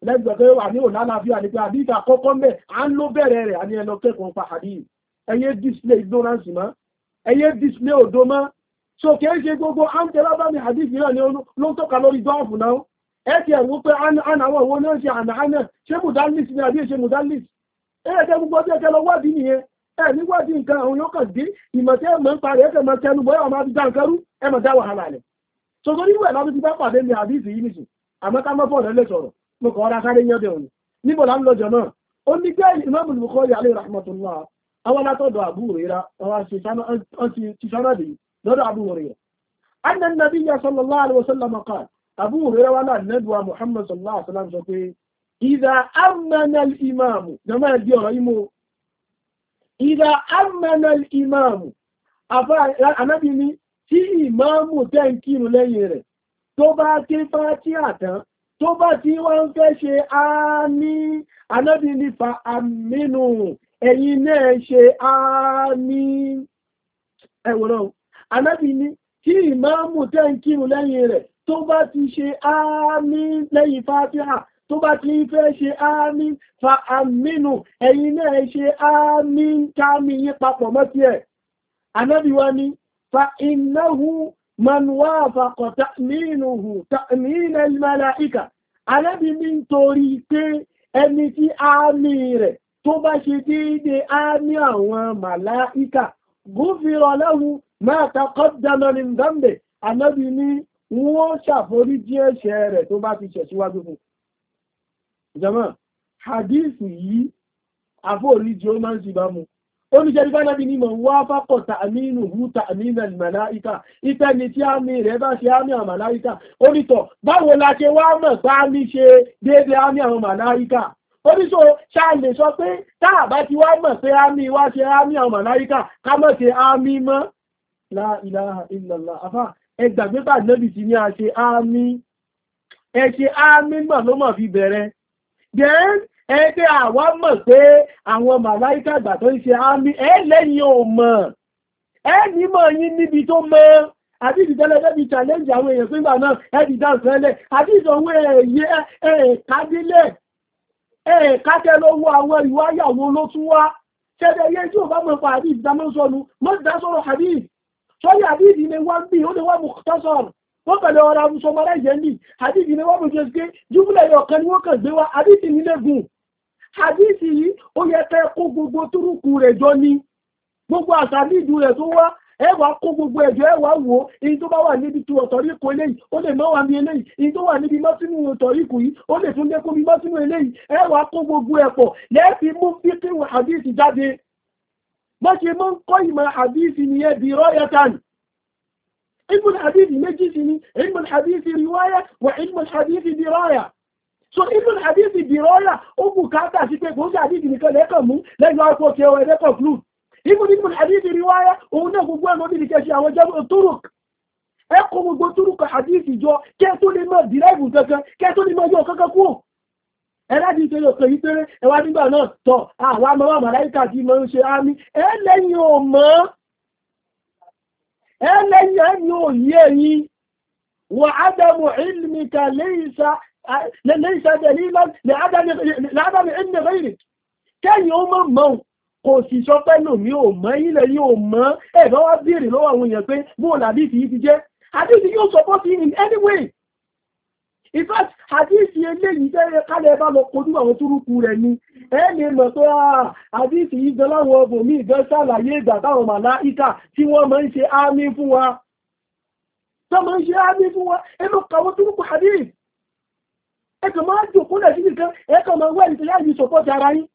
S1: lẹ́gbẹ̀ẹ́ wà ní òlàlàáfíà ní pé àdíta kọ́kọ́ mẹ́ à ń ló bẹ̀rẹ̀ rẹ̀ àní ẹlọ kẹ́kọ̀ọ́ pa hadith ẹyẹ display ignorance mọ́ ẹyẹ display mọ́ so kìí ṣe gbogbo à ń tẹ́lá bá mi hadith náà ni ló ń tọ́ka lórí dọ́ọ̀fù náà ẹ ti pé náà ṣe ṣé mudalis ni àbí ṣe mudalis ẹ gbogbo lọ wádìí nìyẹn ẹ níwádìí nǹkan àwọn yóò kàn dé ìmọ̀tẹ́ ẹ̀mọ́ ń parí ẹ̀kẹ́ tẹnu dá wàhálà rẹ̀ bá pàdé ní àdìsí yìí nìsín mo kàn ra sáré yọ́dẹ̀ òní níbo là ń lọ́jọ́ náà ó ní pé Imam Bukhari alayhi rahmatullah àwọn látọ̀dọ̀ Abu Hurairah àwọn ti sánàdì lọ́dọ̀ Abu Hurairah anna nabiyya sallallahu alayhi wa sallam qala Abu tí ìmáàmù tẹ́ ń kírun lẹ́yìn rẹ̀ tó bá ké fátíà tán tó bá ti wá ń fẹ́ ṣe àmì anábì ní fa àmínú ẹ̀yin náà ṣe àmì ẹ̀wọ̀n anábì ní kí ìmáàmù tẹ́ ń kírun lẹ́yìn rẹ̀ tó bá ti ṣe àmì lẹ́yìn fatiha tó bá ti fẹ́ ṣe àmì fa àmínú ẹ̀yin náà ṣe àmì kámi yí papọ̀ mọ́tí ẹ̀ anábì wá ní fa innahu man wáfàkọ̀ ta'minuhu ta'min al Ànábì ní nítorí pé ẹni tí àmì rẹ̀ tó bá ṣe déédé àmì àwọn màláíkà gúfìrọ̀ lẹ́hùn máa takọ́ dáná ní gbọ́mbẹ̀ Ànábì ní wọ́n ṣàforíjì ẹ̀ṣẹ̀ rẹ̀ tó bá ti ṣẹ̀síwájú fún. Jàmáà, oníṣẹ́ ìgbà náà bí ní mọ̀ wá fákọ̀tà àmínú húta àmínú màláíkà ìfẹ́ ni tí àmì rẹ̀ bá ṣe àmì àwọn màláíkà onítọ̀ báwo la ṣe wá mọ̀ pé àmì ṣe déédéé àmì àwọn màláíkà oníṣò ṣáàlè sọ pé táàbá ti wá mọ̀ pé àmì wá ṣe àmì àwọn màláíkà ká mọ̀ ṣe àmì mọ́ la ilaha illallah afá ẹgbàgbé bá nẹ́bì ti ní a ṣe àmì ẹ ṣe àmì mọ̀ ló mọ̀ fi bẹ̀rẹ̀ ẹgbẹ́ àwọn mọ̀ pé àwọn màláìkà àgbà tó ń ṣe àmì ẹlẹ́yìn ò mọ̀ ẹni mọ̀ yín níbi tó mọ́ àti ìdìtẹ́lẹ́gbẹ́ bíi challenge àwọn èèyàn fún ìgbà náà ẹ̀dì dáǹsẹ́lẹ̀ àti ìṣòwò ẹ̀yẹ ẹ̀ẹ̀kádílẹ̀ ẹ̀ẹ̀kátẹ́lówó àwọn ìwáyàwó ló tún wá ṣẹ́dẹ̀ yẹ́ tí ò bá mọ̀ pa àbí ìdámọ́sọ́nu mọ́sídásọ́rọ̀ àbí sọ́yà àbí ìdílé wá ń bí ó lè wá mú tọ́sọ̀rọ̀ wọ́n pẹ̀lú ọ̀rọ̀ abúṣọmọ́lá ìjẹ́ ní àbí ìdílé wá mú jẹ́ sí pé júbúlẹ̀ ọ̀kan ni wọ́n kàn gbé wá àbí ìdílé gùn hadisi yìí ó yẹ kẹ́ kó gbogbo túrùkù rẹ̀ jọ ni gbogbo àsàbídù rẹ̀ tó wá ẹwà kó gbogbo ẹ̀jọ́ ẹwà wò èyí tó bá wà níbi tí ọ̀tọ̀rí kò eléyìí ó lè mọ́ wà ní eléyìí èyí tó wà níbi mọ́sínú ọ̀tọ̀rí kù yìí ó lè tún lékún bí mọ́sínú eléyìí ẹwà kó gbogbo ẹ̀pọ̀ lẹ́ẹ̀fi mú fíkìrù hadisi jáde bọ́ ṣe mọ́ ń kọ́ ìmọ̀ hadisi nìyẹn bí rọ́yẹ̀tàn ilmu hadisi méjì sí ni ilmu hadisi riwaya wa ilmu hadisi diraya so even na dìrọ́yà ó biroya o bu pé kò sí àdìsí o lẹ́kàn mú lẹ́yìn ọkọ̀ tí ẹwọ ẹ̀dẹ́ conclude even even àdìsí riwaya òun náà gbogbo ẹ̀mọ́ bí nìkẹ́ àwọn jẹ́ turuk ẹ kó gbogbo turuk àdìsí jọ tó lè dìrẹ́bù kankan tó lè yọ kankan kú ṣe òkè yí péré ẹwà nígbà náà tọ̀ àwọn amọ́wà màláìkà ń ṣe ẹ ò ẹ wà sa ليس دليلا لعدم لعدم علم غيرك كان يوم ما kò sì sọ pẹ́lú mi ò mọ̀ ilẹ̀ yìí ò mọ̀ ẹ̀bá wá bèèrè lọ́wọ́ àwọn èèyàn pé bóòlù àdìsí yìí ti jẹ́ àdìsí yóò support you in any way in fact àdíìsì eléyìí jẹ́ kálẹ̀ bá lọ kojú àwọn túrùkù rẹ̀ ni ẹni mọ̀ tó ah, àdíìsì yìí gan láwọn ọbọ̀ mí gan ṣàlàyé ìgbà táwọn màláíkà tí wọ́n máa ń ṣe ámì fún wa tó máa ń ṣe ámì fún wa ẹnu kàwọn túrùkù àdíìsì ẹkàn máa jò kúnlẹ̀ sí nìkan ẹkàn máa wẹ́ ìtìlẹ̀ yìí sọpọ́tì ara yín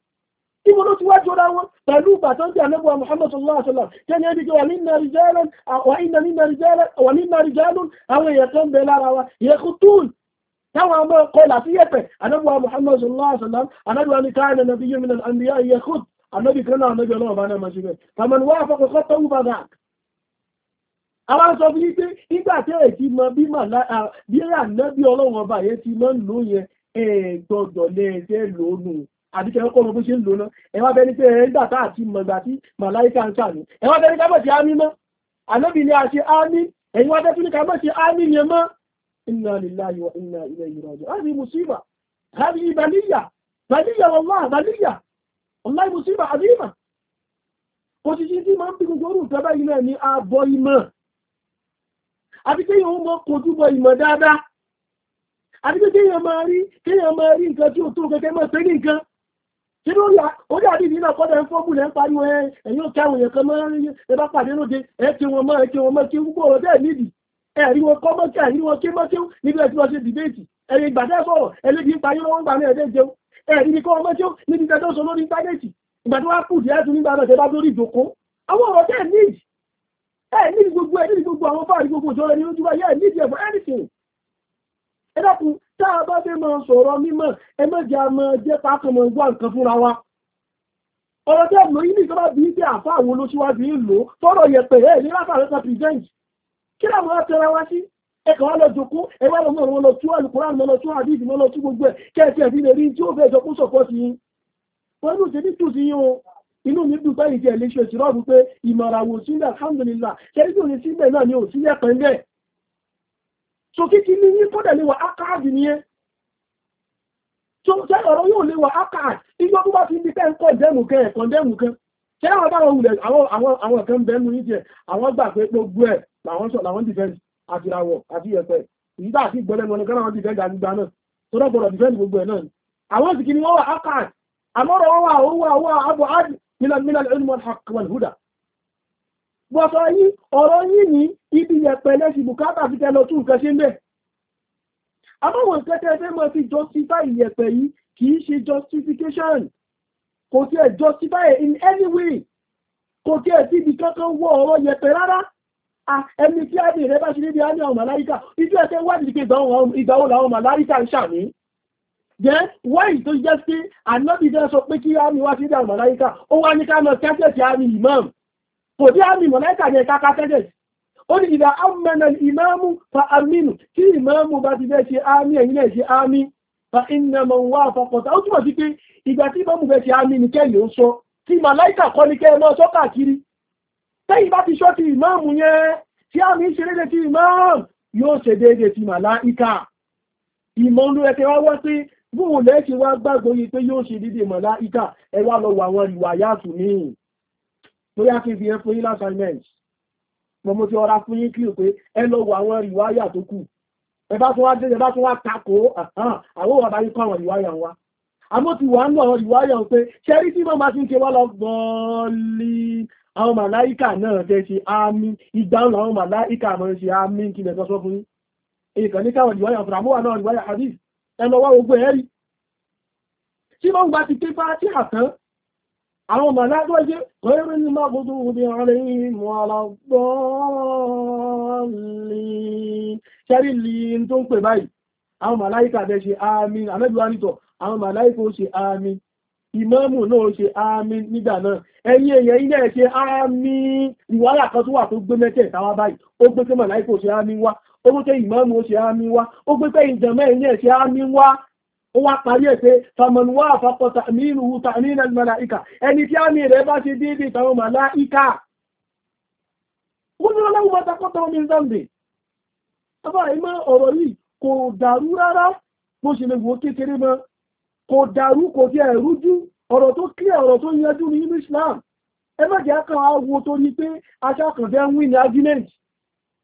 S1: tí mo ló ti wájú ọ̀dá wọn pẹ̀lú bàtán tí àlẹ́bùwà Muhammad sallallahu alaihi wasallam tẹ́ni ẹni jẹ́ wà nínú àríjálùn àwọn èèyàn tó ń bẹ lára wa yẹ̀kú túùn táwọn ọmọ ọkọ̀ láti yẹ̀pẹ̀ àlẹ́bùwà Muhammad sallallahu alaihi wasallam àlẹ́bùwà ní káàdà nàbí yẹ́mìnà àmìyà yẹ̀kú àlẹ́bì kan náà àlẹ́bì ọlọ́ọ̀bá náà máa ṣe bẹ́ẹ̀ àwọn sọ fi wípé nígbà tí ẹ̀ ti mọ bí ànábì ọlọ́run ọba yẹn ti mọ́ lò yẹn ẹ̀ gbọ́dọ̀ lẹ́ẹ̀ẹ́ lónù àbí kẹrẹ kọ́ bó ṣe ń lò náà ẹ wá bẹni pé ẹ ń gbàtà àti mọ̀gbà tí màláíkà ń sàmì ẹ wá bẹni kábọ̀ sí ámì mọ́ ànábì ni a ṣe ámì ẹ̀yin wá bẹ́tún ní kábọ̀ sí ámì yẹn mọ́ inna lillahi wa inna ilayhi raji'un hadi musiba hadi baliya baliya wallahi baliya wallahi musiba azima kò sì sí tí máa ń bí gbogbo orú ìtọ́bá yìí náà àti kéèyàn ó mọ́ kojú bọ ìmọ̀ dáadáa àti pé kéèyàn máa rí kéèyàn máa rí nǹkan tí ó tó kẹ́kẹ́ mọ́ sí ní nǹkan tí ó yà ó dàbí ìdí náà kọ́dọ̀ ń fọ́bùlẹ̀ ń pariwo ẹ ẹ̀yìn òkè àwọn èèyàn kan máa ń rí ẹ bá pàdé lóde ẹ kí wọn mọ ẹ kí wọn mọ kí gbogbo ọ̀rọ̀ bẹ́ẹ̀ nídi ẹ rí wọn kọ́ mọ́kí àrí wọn kí mọ́kí níbi ẹ̀sìn wọn ṣe dìbéètì ẹ̀yẹ ìgbà tẹ́ sọ̀rọ̀ ẹlẹ́bí ń parí lọ́wọ́ ń gbà ní ẹ̀dẹ́ jẹun ẹ rí ni kọ́ wọn mọ́kí níbi tẹ́ tó sọ lórí íńtánẹ́ẹ̀tì ìgbà tó wá kù díẹ̀ tún nígbà náà tẹ́ bá lórí ìdòkó àwọn ọ̀rọ̀ bẹ́ẹ̀ nídi ẹ nídìí gbogbo ẹ nídìí gbogbo àwọn fáàrí gbogbo ìjọra ní ojú wáyé ẹ nídìí anything ẹ dákun tá bá fẹ́ máa sọ̀rọ̀ mímọ̀ ẹ máa jẹ́ pákó máa nǹkan fúnra wa ọ̀rọ̀ tẹ́ lò yí ní ìjọba bí i pé àfa àwọn ń lò tọ́rọ̀ yẹpẹ̀ ẹ̀ ní látàrí inú mi dùn báyìí jẹ́ iléeṣẹ́ ìṣirọ́ọ̀bù pé ìmọ̀ràn àwò sílẹ̀ alhamdulillah onye tó ní sílẹ̀ náà ni ò so kíkí ní ní kódà lè wà ákàádì nìyẹn tó jẹ́ ọ̀rọ̀ yóò lè wà ákàádì ìjọ tó bá fi ní kẹ́ẹ̀kọ́ ìdẹ́mù kẹ́ ẹ̀kọ́ ìdẹ́mù kẹ́ ṣé àwọn bá wọn wulẹ̀ àwọn kan bẹ́ẹ̀ mú níjẹ àwọn gbà pé gbogbo ẹ̀ làwọn sọ àwọn من العلم والحق والهدى bọ́sọ̀ yí ọ̀rọ̀ yí ní ibi yẹ̀pẹ̀lẹ́ sí bùkátà fi tẹ́lọ tún nǹkan ṣe ń bẹ̀. àbọ̀wọ̀ ìkẹ́kẹ́ fẹ́ mọ́ sí justify yẹ̀pẹ̀ yìí kì ṣe justification kò tí ẹ̀ justify in any way kò tí ẹ̀ síbi kankan wọ ọ̀rọ̀ yẹ̀pẹ̀ rárá ẹni tí a bèèrè bá ṣe níbi àní àwọn màláríkà ibi ẹ̀ṣẹ̀ wádìí pé ìgbà wo làwọn màláríkà ń ṣàmì jẹ́ wáyìí tó jẹ́ sí ànábìdẹ́ sọ pé kí ámì wá sí ìdá mọ̀láíkà ó wá ní káàmọ̀ kẹ́tẹ̀ẹ̀tì ámì imam kò dé ámì mọ̀láíkà ní ẹ̀ka kátẹ́tẹ̀ẹ̀tì ó ní ìdá amẹ́nà ìmáàmù fa aminu kí ìmáàmù bá ti fẹ́ ṣe ámì ẹ̀yìn náà ṣe ámì fa ìnàmọ̀ wá àfọkọ̀tà ó túmọ̀ sí pé ìgbà tí ìmáàmù fẹ́ ṣe ámì ní kẹ́yìn ó sọ tí mọ̀láíkà kọ́ ni kẹ́ ẹ máa sọ káàkiri tẹ́yìn bá ti sọ ti ìmáàmù yẹn tí ámì ń ṣe déédéé ti ìmáàmù yóò ṣe déédéé ti mọ̀láíkà ìmọ̀ ń ẹ̀kẹ́ wá wọ́n sí bóun lẹ́ẹ̀kì wá gbàgbọ́ yìí pé yóò ṣe dídì màláíkà ẹ wá lọ wà àwọn ìwà yàtù míì bóyá kí n fi yẹn fún yín assignment mo mo ti ọra fún yín kílù pé ẹ lọ wà àwọn ìwà yà tó kù ẹ bá tún wá dé ẹ bá tún wá takò àwọn òwà bá yín kọ́ àwọn ìwà yà wa àmọ́ ti wà ń lọ àwọn ìwà yà ń pé ṣẹ́rí tí màmá ti ń ṣe wá lọ gbọ́ọ́lì àwọn màláíkà náà fẹ́ ṣe àmì ìgbàun àwọn màláíkà mọ̀ ṣe àmì kí lẹ̀ sọ fún yín ìkànnì káwọn ìwà yà fúnra mọ́wà náà ìwà yà hadith ẹlọ́wọ́ ogun ẹ̀rí tí wọ́n gbá ti ké bá tí àtán àwọn màlágbọ́jẹ́ kọ́rẹ́ ní máa gbogbo òbí ọ̀rẹ́ ìmọ̀ alágbọ́ọ̀lì ṣẹ́rí lè tó ń pè báyìí àwọn màláíkà bẹ́ ṣe àmín àmẹ́bíwá nìtọ̀ àwọn màláíkà ó ṣe àmín ìmáàmù náà ṣe àmín nígbà náà ẹ̀yìn èèyàn ilẹ̀ ṣe àmín ìwárà kan tó wà tó gbé mẹ́tẹ̀ẹ̀ta wá báyìí ó gbé sí màláíkà ó ṣe àmín wá ó gbé pé ìmáàmù ó ṣe àmì wá ó gbé pé ìjàmá ẹ̀yìn ẹ̀ ṣe àmì wá ó wá parí ẹ̀ pé faman wá àfapọ̀ tàmínú tàmínú màláìkà ẹni tí àmì rẹ̀ bá ṣe déédé tàwọn màláìkà wọ́n ní ọlọ́run bá takọ́tọ̀ omi zambi bàbá ìmọ̀ ọ̀rọ̀ yìí kò dàrú rárá bó ṣe lè wò kékeré mọ́ kò tó ní pé aṣákànfẹ́ ń wí ní argument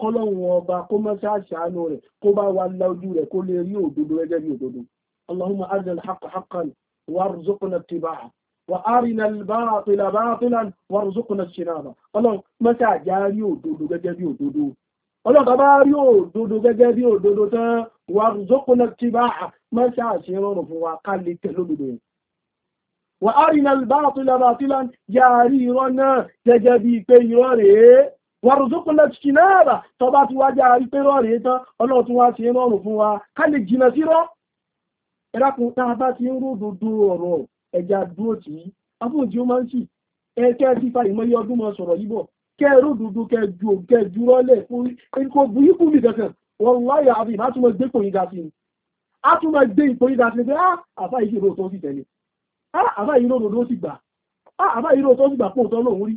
S1: kọ́lọ́hún ọba kó mọ́ṣá àṣàánú rẹ̀ kó bá wa la ojú rẹ̀ kó lè rí òdodo gẹ́gẹ́ bí òdodo allahumma arzal haqqa haqqan warzuqna ittiba'a wa arina al-batila batilan warzuqna ijtinaba ọlọ́run mọ́ṣá àjá rí òdodo gẹ́gẹ́ bí òdodo ọlọ́run tó bá rí òdodo gẹ́gẹ́ bí òdodo tán warzuqna ittiba'a mọ́ṣá àṣírọ̀rùn fún wa ká lè tẹ̀lé òdodo yẹn wa arina al-batila batilan yàrí irọ́ náà gẹ́gẹ́ bí pé irọ́ rèé wàrùsókùnlẹ̀ ṣìnáàbà tó bá ti wájá wípé rọ́ọ̀rì tán ọlọ́run wá sí rọrùn fún wa ká lè jìnà sí rọ́ ẹ̀rákùn tá a bá ti ń ròdòdó ọ̀rọ̀ ẹja dúró tí afún tí ó máa ń sì ẹ kẹ́ ti fa ìmọ̀yé ọdún mọ́ sọ̀rọ̀ yíbọ̀ kẹ́ ròdòdó kẹ́ ju kẹ́ ju rọ́lẹ̀ fún kò bu yíkú mi kankan wọ́n láyà àbí má tún máa gbé ìpòyìn ga sí ni a tún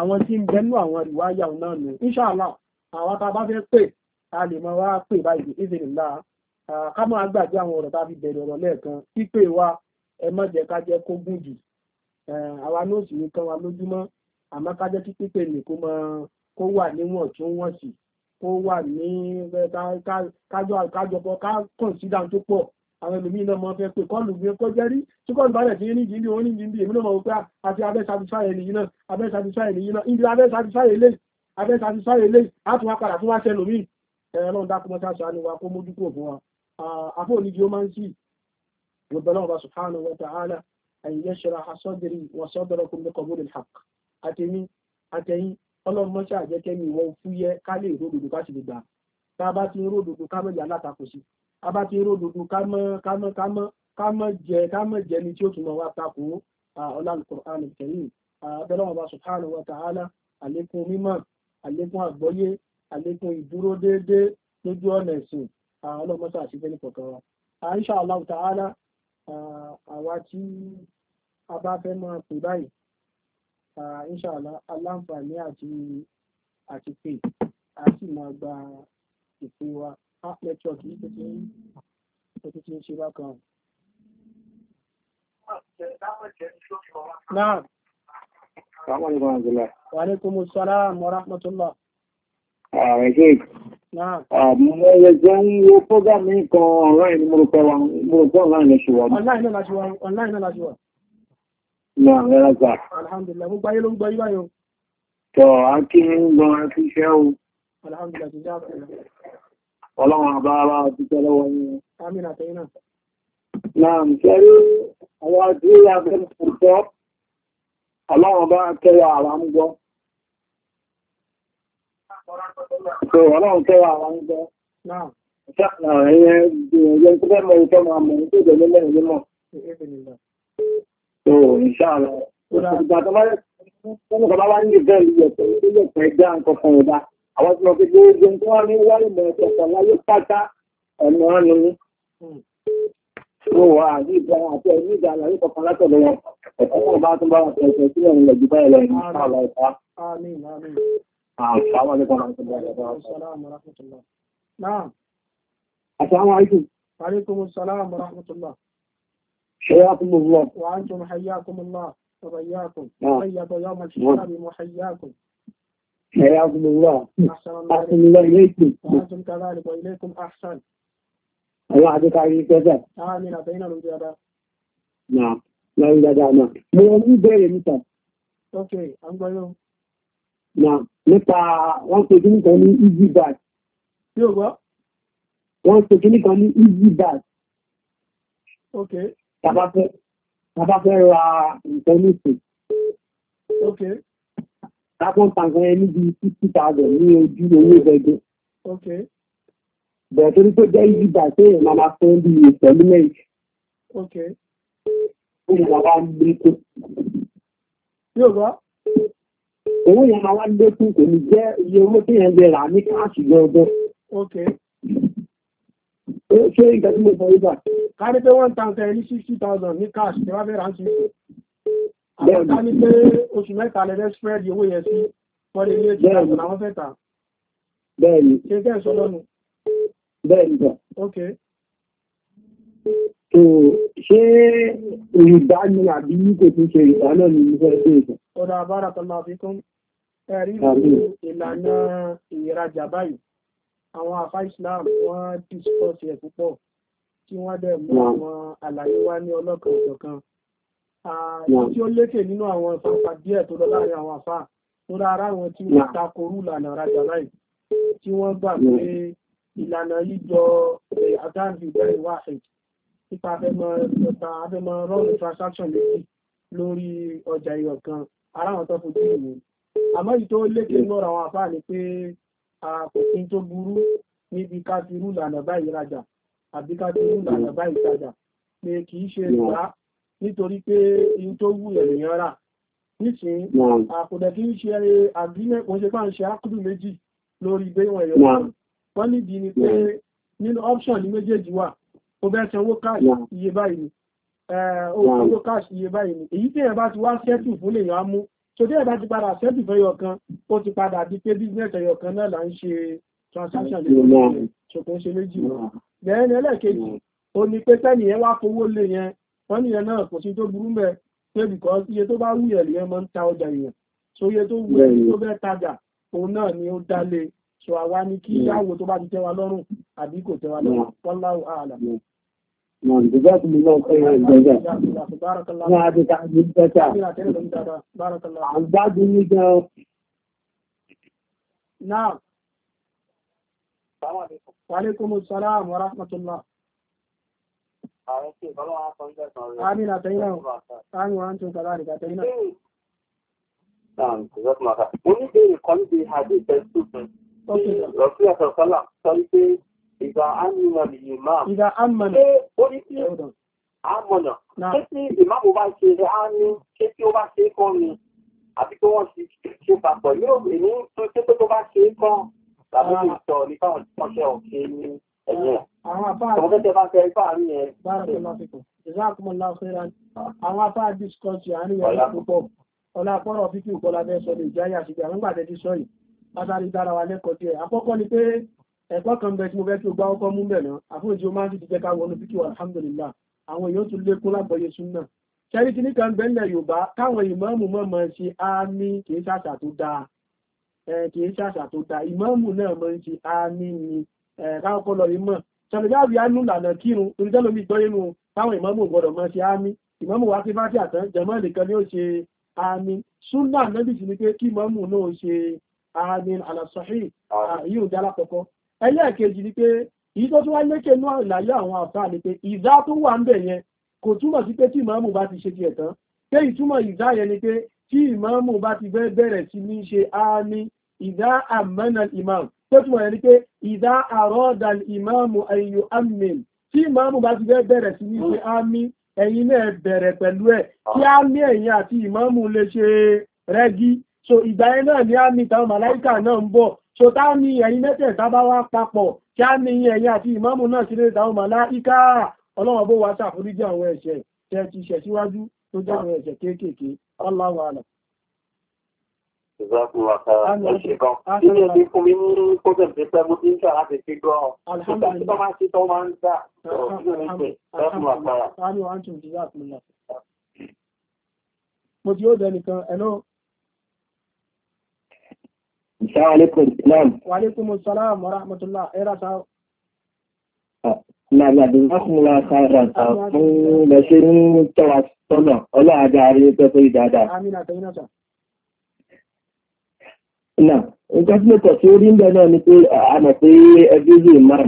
S1: àwọn tí ń bẹnú àwọn ìwáyà náà nù inṣàlá àwọn tá a bá fẹ́ pè a lè mọ wá pè báyìí ìfìnnìlá ká máa gbàgbé àwọn ọ̀rọ̀ tá a fi bẹ̀rẹ̀ ọ̀rọ̀ lẹ́ẹ̀kan pípé wa ẹ má jẹ́ ká jẹ́ kó gùn jù àwa náà sì ní kan wa lójúmọ́ àmọ́ ká jẹ́ kí pípé nì kó mọ kó wà níwọ̀n tó wọ̀n sí kó wà ní kájọ ká kọ̀ǹsídà tó pọ̀ àwọn ẹlòmíì náà mọ́ fẹ́ pé kọ́ọ̀lù gbé kọjá rí tí kọ́ọ̀lù bá rẹ̀ tí ní jìnbí òun ní jìnbí èmi náà mọ̀ wípé àti ah, abẹ́ satisfy ènìyàn náà abẹ́ satisfy ènìyàn náà ibi abẹ́ satisfy ilé abẹ́ satisfy ilé àtúnwá padà fún wáṣẹ lòmíì ẹ̀rọ dákúmọ́tà sàánú wa kó mójú kúrò fún wa àfọ́ onídìí ó máa ń sí ربنا الله سبحانه وتعالى أن يشرح صدري وصدركم لقبول الحق أتني أتني ọlọ́run mọ́ṣẹ́ àjẹ́kẹ́mi ìwọ fúyẹ́ ká lè ròdòdó ká sì gbà tá a bá ti ń ròdòdó ká mọ̀ yà látakò sí abá ti ró dòdò kámọ́ kámọ́ kámọ́ kámọ́ jẹ kámọ́ jẹ ni tí ó túnmọ̀ wá takò Al-Qur'an Al-Karim abẹ́lọ́wọ̀n bá subhanahu wa ta'ala àlékún mímọ̀ àlékún àgbọ́yé àlékún ìdúró déédéé lójú ọ̀nà ẹ̀sìn ọlọ́mọ́sá àti bẹ́ẹ̀ nìkọ̀ọ̀kan wa Insha Allah ta'ala àwa tí a bá fẹ́ máa pè báyìí Insha Allah aláǹfààní àti àti pè á sì máa gba ìpè wa app
S2: network yìí tó ti ń tó ti ń ṣe bákan.
S1: Náà. Sàmúlùmọ́ Àjọlá. Wa alaikumus salam wa rahmatullah. Ààrẹ Jake. Àmọ́ ẹjọ́ ń
S2: wo fọ́gámì kan ọ̀rán ìní múrùkọ́ ọ̀rán ilẹ̀ ṣe wà. Online
S1: náà láti wà. Online náà láti wà.
S2: Náà rẹ́rẹ́ gbà.
S1: Alhamdulillah, gbogbo ayé ló ń gbọ́ yíwáyọ̀. Tọ́, a kí ń gbọ́n, a kí iṣẹ́ o. Alhamdulillah, ti dáàbò ọlọ́run àbára dúpẹ́ lọ́wọ́ yín náà kẹrí àwọn tí a fẹ́ mọ̀ ọlọ́run bá kẹwà àrà ń gbọ́ ọlọ́run kẹwà àrà ń gbọ́ ẹ̀yẹn ìgbìyànjẹ́ tó fẹ́ mọ̀ ìtọ́ máa mọ̀ tó jẹ́ lẹ́lẹ́ ìlú mọ̀ tó ìṣàlọ́ Ìgbà tó bá wá ní ìbẹ̀rù yẹ̀pẹ̀ ìgbẹ̀rù yẹ̀pẹ̀ ìgbà nǹkan fún ìdá àwọn tí wọ́n fi gbé ogun tó wá ní wáyé bẹ̀rẹ̀ tẹ̀sán láyé pátá ọ̀nà ọ̀nà ni. Ó wà ní ìgbà àti ẹ̀mí ìgbà àlàyé kọ̀ọ̀kan
S2: látọ̀dọ̀ wọn. Ẹ̀kọ́ kan bá tún bá wọn tẹ̀sán sílẹ̀ nílẹ̀ jù báyìí lọ ìmọ̀ ọ̀la ìta.
S1: Àṣàwọn àìsùn. Àlékún Sàlámù Rahmatullah. Ṣé wá kún gbogbo wọn? Wà
S2: حياكم الله أحسن
S1: الله
S2: إليكم وأنتم
S1: كذلك وإليكم أحسن
S2: الله يحفظك عليك كذا
S1: آمين بين الوجودات
S2: نعم لا إله إلا الله mo wọ́n ní bẹ́ẹ̀ níta.
S1: ok à ń gbọ́ yóò.
S2: na nípa wọ́n pe kí nìkan ní easy bag. tí o gbọ́. wọ́n pe kí nìkan ní easy bag.
S1: ok. tàbá fẹ́ ra nǹkan nísìn. ok. okay. Carbon tankan
S2: ẹni bí fifty thousand ní ojú owó gbẹgbẹ. Bẹ̀rẹ̀ torí pé
S1: jẹ́ ìdí ìgbà tí èèyàn máa máa fún bí pẹ̀lú mẹ́jì. Ó yẹ máa wá lékún. Yorùbá. Owó yẹn máa wá lékún kò ní jẹ́ iye owó tí yẹn lè rà ní káàṣì gbọ̀ngàn. Ṣé ìgbà tí mo sọ yìí gbà? Kárí pé wọ́n ń tankan ẹni sixty thousand ní káàṣì tí wọ́n fẹ́ rà ń ṣe. Ọ̀tá ní pé oṣù mẹ́ta lẹ́lẹ́ spread owó yẹn sí fọ́lé ilé tí àwọn àwọn fẹ́ta. Bẹ́ẹ̀ni. Ṣé tẹ́ sọ lọ́nu? Bẹ́ẹ̀ni sọ. Ok. So, ṣé ìrìbá ni àbí kò tún ṣe ìrìbá náà ni ìfẹ́ sí ìfẹ́? Ọ̀dà àbára tọ́lá àfikún. Ẹ̀rí ìlànà ìrajà báyìí. Àwọn àfá Islam wọ́n discuss ẹ̀ púpọ̀ tí wọ́n dẹ̀ mú àwọn àlàyé wá ní ọlọ́kan ọ̀kan tí ó lékè nínú àwọn ìfàfà díẹ̀ tó lọ láàrin àwọn àfà tó rárá wọn tí wọ́n takorú ìlànà rajà láì tí wọ́n gbà pé ìlànà yíjọ àdáǹdì ìbẹ̀rẹ̀ wáhid nípa abẹ́mọ rọ́ọ̀lù transaction méjì lórí ọjà ìyọ̀ kan ara wọn tó fojú ìwé àmọ́ èyí tó lékè nínú ọ̀rọ̀ àwọn àfà ni pé àkòfin tó burú níbi ká ti rú ìlànà báyìí rajà àbí ká ti rú ìlànà báyìí tajà pé kì í ṣe ìlà nítorí pé in tó wù ènìyàn rà nísìn àkùdẹ̀ kí ń ṣe agreement wọ́n ṣe bá ń ṣe ákùdù méjì lórí ibé wọn ẹ̀yọ́ wọ́n nídi ni pé nínú option ní méjèèjì wà ó bẹ́ẹ̀ sanwó cash iye báyìí ni ó eh, sanwó cash iye báyìí ni èyí tí ẹ̀ bá ti wá sẹ́tù fún lèèyàn á mú so tí ẹ̀ ti padà sẹ́tù fún ẹyọ ó ti padà di pé business ẹyọ náà là ń ṣe transaction lórí ṣòkòó ṣe méjì wọn bẹ́ẹ̀ ni ẹlẹ́ẹ̀kejì ó ní pé tẹ́nìyẹn wá fowó lè yẹn wọ́n ní ẹ̀ náà kò sí tó burú mẹ́ pé because iye tó bá wúyẹ̀ lè mọ́ ń ta ọjà èèyàn so iye tó wúyẹ̀ tó fẹ́ tajà òun náà ni ó dálé so àwa ni kí hmm. yáwó tó bá ti tẹ́wa lọ́rùn àbí kò tẹ́wa lọ́rùn hmm. wallahu a'lam
S2: جزاكم الله خير الجزاء
S1: بارك الله بارك
S2: الله
S1: نعم السلام عليكم ورحمة الله
S2: Amin àtẹ̀yìn náà.
S1: Táàmì wọ́n ń tún kàrá àríkà àtẹ̀yìn náà. Mo ní bèèrè kan níbi àdéjẹ tuntun. Rọ̀fí àtọ̀sọ́là sọ wípé ìgbà ánìmọ̀ lè yìí máa. Ìgbà ánìmọ̀ lè. Ṣé ó ní sí àmọ̀nà? Ṣé tí ìmáàmù bá ṣe á ní ṣé ẹ̀yìn àwọn afá discourse àárín ẹ̀rí púpọ̀ ọlápọ̀rọ̀ fífí ìkọlábẹ́ sọ lè jẹ́ àyà ṣùgbẹ́ àwọn gbàtẹ́ ti sọ yìí látàrí dára wa lẹ́kọ̀ọ́ díẹ̀ àkọ́kọ́ ni pé ẹ̀kọ́ kan bẹ̀ tí mo fẹ́ tí ó gbá ọkọ́ mú bẹ̀ náà àfúnjì o máa ń ti jẹ́ ká wọnú fífí alhamdulillah àwọn èèyàn tún lékún lágbọ́yé súnà ṣẹ́rí kìíní kan bẹ̀ ńlẹ̀ Yorùbá káwọn ìmáàmù mọ̀ mọ̀ ṣe àmì kìí ṣàṣà tó dáa ìmáàmù náà mọ̀ ṣe àmì ni káwọn kó lọ rí mọ̀ ṣàlùjá àbí ánú lànà kírun torí tẹ́lẹ̀ omi gbọ́yé nu táwọn ìmámù gbọ́dọ̀ mọ́ ṣe ámì ìmámù wá sí fásitì àtàn jẹ̀mọ́ nìkan ni ó ṣe ámì súnà nẹ́bì sí ni pé kí ìmámù náà ṣe ámì àlàsọ̀hìn yìí ò dá lákọ̀ọ́kọ́ ẹlẹ́ẹ̀kejì ni pé èyí tó tún wá lékè ní àlàyé àwọn àfáà ni pé ìdá tó wà ń bẹ̀ yẹn kò túmọ̀ sí pé tí ìmámù bá ti ṣe tiẹ̀ tán pé ìtumọ̀ ìdá yẹn ni pé tí ìmámù bá ti fẹ́ bẹ̀rẹ̀ sí ní ṣe ámì ìdá àmánà ìmámù tó túnmọ̀ yẹn ni pé ìdá àrọ́dà ìmáàmù ayò amín tí ìmáàmù bá ti fẹ́ bẹ̀rẹ̀ sí ní ṣe ámì ẹ̀yin náà bẹ̀rẹ̀ pẹ̀lú ẹ̀ kí ámì ẹ̀yìn àti ìmáàmù lè ṣe rẹ́gí so ìgbà yẹn náà ní ámì táwọn màláìkà náà ń bọ̀ so táàmì ẹ̀yin mẹ́tẹ̀ẹ̀ta bá wá papọ̀ kí ámì ẹ̀yin àti ìmáàmù náà ṣe lè táwọn màláìkà ọlọ́wọ́n bó ṣàforíjì àwọn ẹ̀ṣẹ̀ ti ṣẹ̀ síwájú tó jẹ́ àwọn ẹ̀ṣẹ̀ kéékèèké Mo ti ó dẹ nìkan, ẹ̀lọ́. Ìsáwà alékùn ìsìláàmù. Wà alékùn mọ̀ sálàmù ọ̀rá mọ̀túnlá, ẹ̀rà sáà.
S2: Láàrín àdínlá fún láàrín sáà rà fún lẹ́ṣẹ́ ní tọ́wà tọ́nà, ọlọ́ àjá àríyẹ́ pẹ́ fẹ́ ìdáadáa. Àmì náà nǹkan tí mo kọ̀ tí ó rí ń bẹ̀ náà ni pé a mọ̀ pé ẹbí rí imam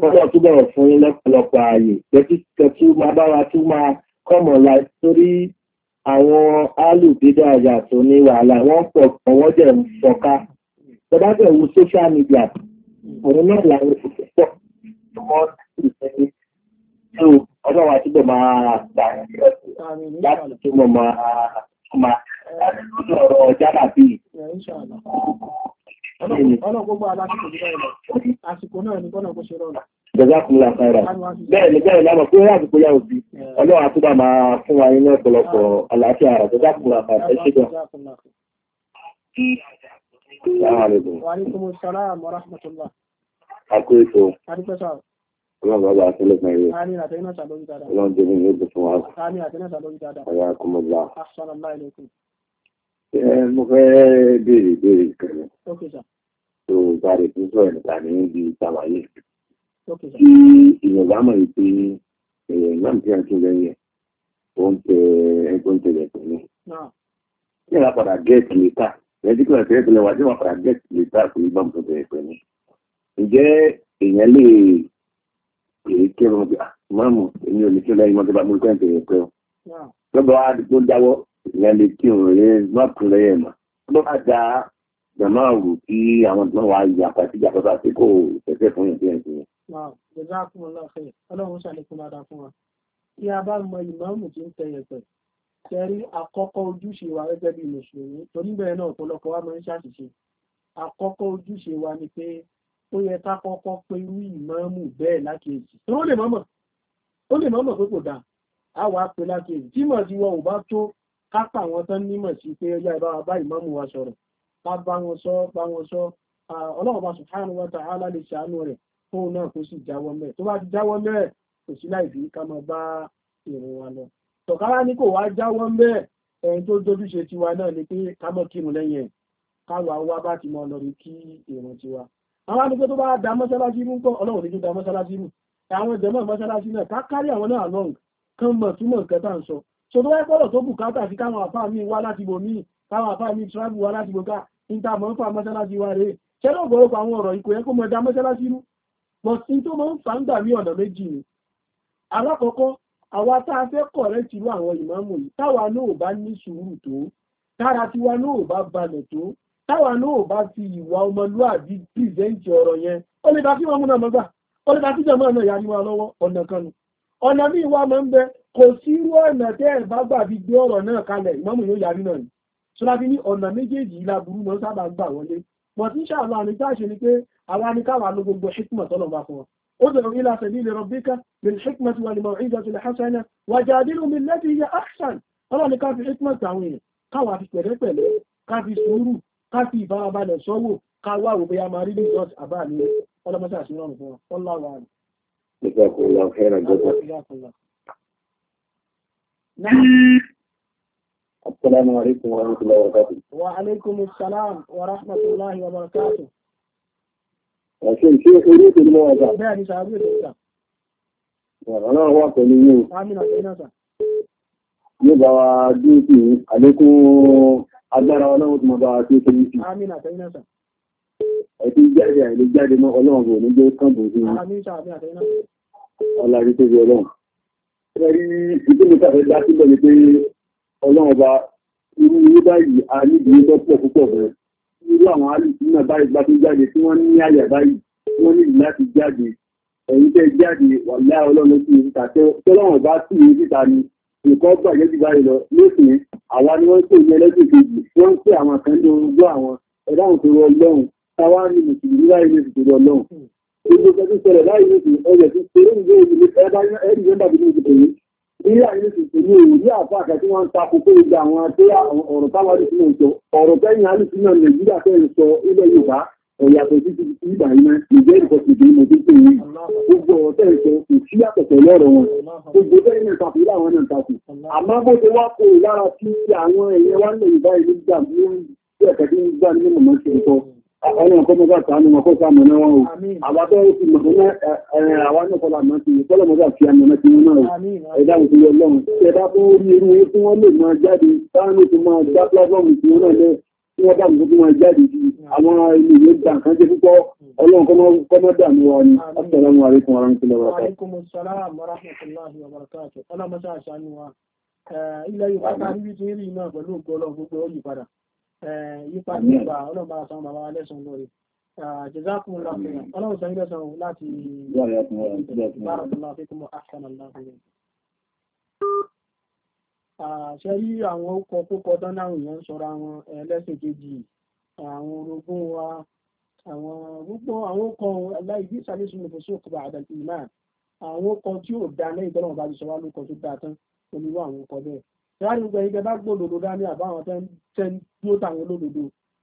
S2: wọ́n lọ túbọ̀ fún yín lọ́pọ̀lọpọ̀ ààyè pẹ̀tí kẹtí máa bá wa tún máa kọ́mọ̀ láì torí àwọn alùpídà àjà tó ní wàhálà wọ́n pọ̀ kan wọ́n jẹ̀ ń fọ́ká bàbá bẹ̀ wo social media òun náà làwọn òṣìṣẹ́ pọ̀ tí wọ́n sì sẹ́yìn tí ọjọ́ wa túbọ̀ máa gbà láti túbọ̀ máa nínú ọ̀rọ̀ jábà bí i. Ọlọ́run
S1: gbogbo alásìkò nígbà ìlọ̀, àsìkò náà ní gbọ́nà kó ṣe rọrùn.
S2: Jọzákùnlá Fáírà. Bẹ́ẹ̀ ni bẹ́ẹ̀ lámọ̀ pé láàbùkú yá òbí. Ọlọ́run àtúbà máa fún wa nínú ọ̀pọ̀lọpọ̀ àlàáfíà ara. Jọzákùnlá Fáírà. Ẹ ṣe jọ.
S1: Wa alaikum salaam wa rahmatullah. A kú ètò. A dúpẹ́ sáà.
S2: Ọlọ́run bàbá àtẹ́lẹ̀ kan yìí.
S1: Àmì àtẹ́lẹ̀ náà sàlóyún dáadáa. Ọlọ́run jẹ́ mi ní ìbùsùn wa. Àmì àtẹ́lẹ̀ sàlóyún dáadáa. Ọ̀yà kúmọ̀lá. Àṣọ
S2: Eh, mo fẹ́ béèrè béèrè kẹrin tó bá rẹ̀ tó sọ̀rọ̀ nípa ní ibi ìtawàyè tí èèyàn bá mọ̀ pé náà eh, tí a ń tún lẹ́yìn ó ń tẹ ẹgbẹ́ ń tẹ̀lẹ̀ pẹ̀lú ní ìlà padà gẹ́ẹ̀tì lẹ́tà ẹ̀ẹ́dí kí wọ́n tẹ̀lé pẹ̀lú ah. wa tí wọ́n padà gẹ́ẹ̀tì lẹ́tà pẹ̀lú ìgbà mọ̀ tó tẹ̀lẹ̀ pẹ̀lú ǹjẹ́ èèyàn lè èyí kí wọ́n máa mọ̀ èmi ò ní kí wọ́n lẹ́yìn mọ́tò bá mú lọ́gbà wa tó dáwọ́ ìyẹn lè kí òun rẹ lọ́kùnrin rẹ̀ mọ̀ tó bá da jàmá òwò kí àwọn tó wà yà pàtí ìjàpá bá ti kó tẹ̀sẹ̀ fún ìdí ẹ̀sìn yẹn.
S1: Ìjọba fún ọlọ́run ṣe ọlọ́run ṣàlékún dáadáa fún wa. Tí a bá mọ ìmọ̀ọ́mù tí ń tẹ̀yẹ̀ pẹ̀, tẹ̀rí àkọ́kọ́ ojúṣe wa gẹ́gẹ́ bí Mùsùlùmí, torí bẹ́ẹ̀ náà ọ̀pọ̀lọpọ̀ wa máa ń ṣàṣìṣe. Àkọ́kọ́ ojúṣe wa ni pé ó yẹ ká kọ́kọ́ pé irú ìmọ̀ọ́mù bẹ́ẹ̀ lákèjì. Ó lè mọ́mọ̀, ó lè mọ́mọ̀ pé kò dáa, á wàá pé lákèjì. Tí mọ̀ ti wọ ò bá tó kápá àwọn tán nímọ̀ sí pé ọjọ́ ìbá bá ìmáàmù wa sọ̀rọ̀ bá bá wọn sọ bá wọn sọ ọlọ́run bá subhanahu wa ta'ala lè ṣàánú rẹ̀ fóun náà kó sì jáwọ́ mẹ́ẹ̀ tó bá ti jáwọ́ mẹ́ẹ̀ kò sí láì bí ká máa bá ìrun wa lọ tọ̀kárá ní kò wá jáwọ́ mẹ́ẹ̀ ẹni tó dójúṣe tiwa náà ni pé ká mọ̀ kírun lẹ́yìn ẹ̀ káwa wá bá ti mọ lọ́rí kí ìrun tiwa àwọn àdúgbò tó bá da mọ́sálásí mú kọ́ ọlọ́run níjú da mọ́sálásí mú àwọn jẹ́mọ́ mọ́sálásí náà ká kárí àwọn náà long kan mọ̀ túmọ̀ nǹkan tá à ń sọ so tó wáyé pọ́lọ̀ tó bùkátà sí káwọn àfáà mi wá láti bò mí káwọn àfáà mi tíráàbù wá láti bò ká níta mọ̀ ń fa mọ́ṣáláṣí wa rèé ṣé lọ́gbọ̀ọ́gbọ̀ àwọn ọ̀rọ̀ ikò yẹn kó mọ̀ ẹja mọ́ṣáláṣí rú but in tó mọ̀ ń fa ń gbà mí ọ̀nà méjì ni alákọ̀ọ́kọ́ àwa tá a fẹ́ kọ̀rẹ́ tìlú àwọn ìmáàmù yìí táwa náà bá ní sùúrù tó tára tiwa náà bá balẹ̀ tó táwa náà bá fi ìwà ọmọlúàbí pìrìsẹ́ǹtì ọ̀rọ̀ yẹn ó wọn múnà mọ́gbà ó lè bá kí jọmọ́ náà yarí lọ́wọ́ ọ̀nà kan ọ̀nà míì wá máa ń bẹ kò sí irú ọ̀nà tẹ́ ẹ̀ bá gbà fi gbé ọ̀rọ̀ náà kalẹ̀ ìmọ̀mù yóò yarí náà ni ṣọlábí ní ọ̀nà méjèèjì ìlàbùrú mọ́ sábà gbà wọlé wọ́n ti ṣàlọ́ àní ṣe ni pé àwa ni káwa lo gbogbo hikmọ̀ tọ́lọ̀ bá fún ọ ادعوا إلى سبيل ربك بالحكمة والموعظة الحسنة وجادلهم بالتي هي أحسن ọlọ́ ni ká fi hikmọ̀ tàwọn èèyàn káwà fi pẹ̀lẹ́pẹ̀lẹ́ ká fi sùúrù ká fi ìbárabalẹ̀ sọ́wọ́ ká wà wò bóyá máa rí ní george abáàlú ọlọ́mọṣẹ́ àṣírọ̀rùn fún ọ
S2: السلام عليكم ورحمة الله وبركاته
S1: وعليكم السلام ورحمة الله وبركاته
S2: لكن في حدود
S1: المواضع ذلك
S2: أنا هو آمين أسئلة nígbà wa dúkì àlékún agbára ọlọ́run tí mo bá tí ó tóbi sí. Ẹ̀tí jáde àìlè jáde mọ́ ọlọ́run kò ní jẹ́ ọlọ́run ẹ̀rí ìdí mi tàbí dá sílẹ̀ ni pé ọlọ́run ọba irú irú báyìí a níbi tó pọ̀ púpọ̀ bẹ̀rẹ̀ irú àwọn alùpùpù náà báyìí bá tó jáde tí wọ́n ní àyà báyìí tí wọ́n nílò láti jáde ẹ̀yìn tẹ́ jáde wà láà ọlọ́run sí i síta tọ́lọ́run ọba sí i síta ni nǹkan bàjẹ́ ti báyìí lọ
S1: lóṣìí àwa ni wọ́n ń pè ní ẹlẹ́sìn kejì wọ́n ń pè àwọn kan ní orogún àwọn ẹ̀dá àwọn tó rọ ọlọ́run táwa ni mùsùlùmí láì ní ìṣòro gbogbo ọjọ́ tó ṣẹlẹ̀ láì ní ìsìn ọjọ́ tó ṣe é nígbà èyí ẹ̀bá ẹ̀rí yẹn bàbí ní ìsìn èyí ilé àyè sì ṣe ní èyí àfa àkà tí wọ́n ń ta kókó ìgbà àwọn àti ọ̀rọ̀ táwọn àti sínú sọ ọ̀rọ̀ tẹ́yìn àti sínú nàìjíríà fẹ́ sọ ilẹ̀ yorùbá ọ̀yàtọ̀ sí ti ti ìgbà yìí náà ìjẹ́ ìkọ̀sí ìdí mo ti
S2: gbogbo ọ̀rọ̀ tẹ́ sọ kò sí àtọ̀tọ̀ lọ́rọ̀ wọn gbogbo tẹ́yìn náà takò ilé àwọn náà takò àmọ́ bó ṣe wá kó lára sí àwọn ẹ̀yẹ wá ní ìbá ìlú gbà ní ẹ̀kẹ́ tí ń gbà ní mọ̀mọ́ ṣe ń sọ ọlọ́run kọ́ mọ́gbà tàánù wọn kó sáàmù náà wọn o àbátọ́ òsì mọ̀tọ́lá ẹ̀rẹ̀ àwọn náà máa ti tọ́lọ̀ mọ́gbà fi àmì ọmọ tiwọn náà o ẹ̀dá òsì lọ lọ́run ẹ̀dá tó rí irú wọn tí wọ́n lè máa jáde sáàmù tó máa dá pláfọ́ọ̀mù tiwọn náà lẹ́ tí wọ́n bá mú tó máa jáde sí àwọn ilé ìwé gbà kan jẹ́ púpọ̀ ọlọ́run kọ́ mọ́ dààmú wa ni assalamu alaikum warahmatullahi
S1: wabarakatuh ilẹ̀ Yorùbá ta níbi yípa ní ìgbà ọlọ́ba àtàwọn bàbá alẹ́sàn lórí جزاكم الله خيرا انا وسعيد سولاتي بارك الله فيكم واحسن الله اليكم ṣe rí àwọn ọkọ̀ púpọ̀ dáná èèyàn sọ̀rọ̀ àwọn ẹlẹ́sìn kejì àwọn orogún wa àwọn gbogbo àwọn ọkọ̀ aláìbí sàlẹ̀sù ní fòsí òkúba àdàlì ìmáà àwọn ọkọ̀ tí ò dá lẹ́yìn tọ́lọ́mọba ti sọ wá lóko tó dáa tán oníwọ̀ àwọn ọkọ̀ bẹ́ẹ̀ láti gbogbo ẹ̀yìn bá gbọ́ òdòdó dání àbáwọn tẹ́ ń dúró táwọn olódodo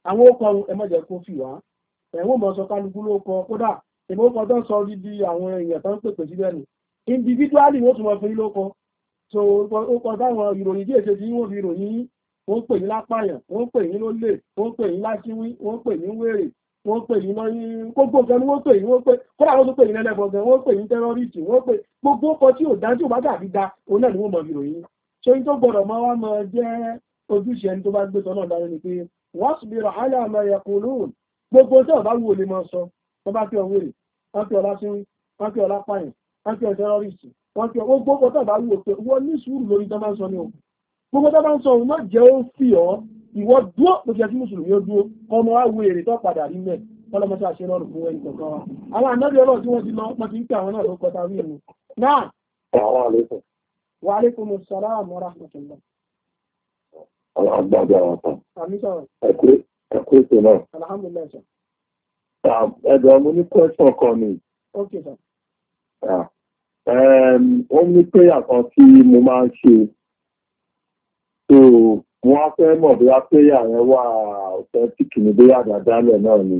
S1: àwọn ó kọrun ẹ mọ̀jẹ̀ kó fi wá ẹ̀wọ̀n mọ̀ sọ kálukú ló kọ kódà èmi ó kọ tó ń sọ dídí àwọn èèyàn tó ń pèpè sí lẹ́nu individually wọ́n tún mọ̀ fún yín ló kọ so ó kọ táwọn ìròyìn díẹ̀ ṣe tí wọ́n fi ròyìn yín wọ́n pè yín lápáyàn wọ́n pè yín lólè wọ́n pè yín láṣíwí wọ́n pè yín wèrè wọ́n pè yín lọ́yìn gbogbo nǹkan ni wọ́n pè yín wọ́n pè kódà wọ́n tún pè yín lẹ́lẹ́bọ̀ gan wọ́n pè yín tẹ́rọ́rìtì wọ́n pè gbogbo ọkọ̀ tí ò dá tí ò bá dàbí da òun náà ni wọ́n mọ̀ fi ròyìn so in tó gbọ́dọ̀ máa wá máa jẹ́ ojúṣe ẹni tó bá gbé tọ́nà dáre ni pé wasbir ala ma yaqulun gbogbo tí ọ̀bá wò lè máa sọ tó bá fi ọ̀wé rè wọ́n fi ọ̀lá sí wọ́n fi ọ̀lá pààyàn wọ́n fi ọ̀tẹ́rọ́rìsì wọ́n fi ọ̀gbọ́ gbogbo tó bá wò pé wọ́n ní sùúrù lórí tó bá ń sọ ní òkú gbogbo tó bá ń sọ òun náà jẹ́ ó fi ọ́ ìwọ dúó ló fi ẹtí mùsùlùmí ó dúó ọmọ awò èrè tó padà rí mẹ́ ọlọ́mọtí àṣẹ lọ́rùn fún ẹni kọ̀ọ̀kan wa àwọn ànábì ọlọ́run tí wọ́n ti lọ wọ́n ti ń pè àwọn náà ló kọta rí ẹ̀mí náà Wa alaikumus salam wa rahmatullah. Àgbàgbà ọ̀tọ̀. Ẹ̀kú ètò náà. Alhamdulillah sir.
S2: Ẹ̀dọ̀ mo ní question kan ni. Okay sir. Wọ́n ní prayer kan tí mo máa ń ṣe. So, wọ́n á fẹ́ mọ̀ bóyá prayer yẹn wà authentic ni bóyá àdàdálẹ̀ náà ni.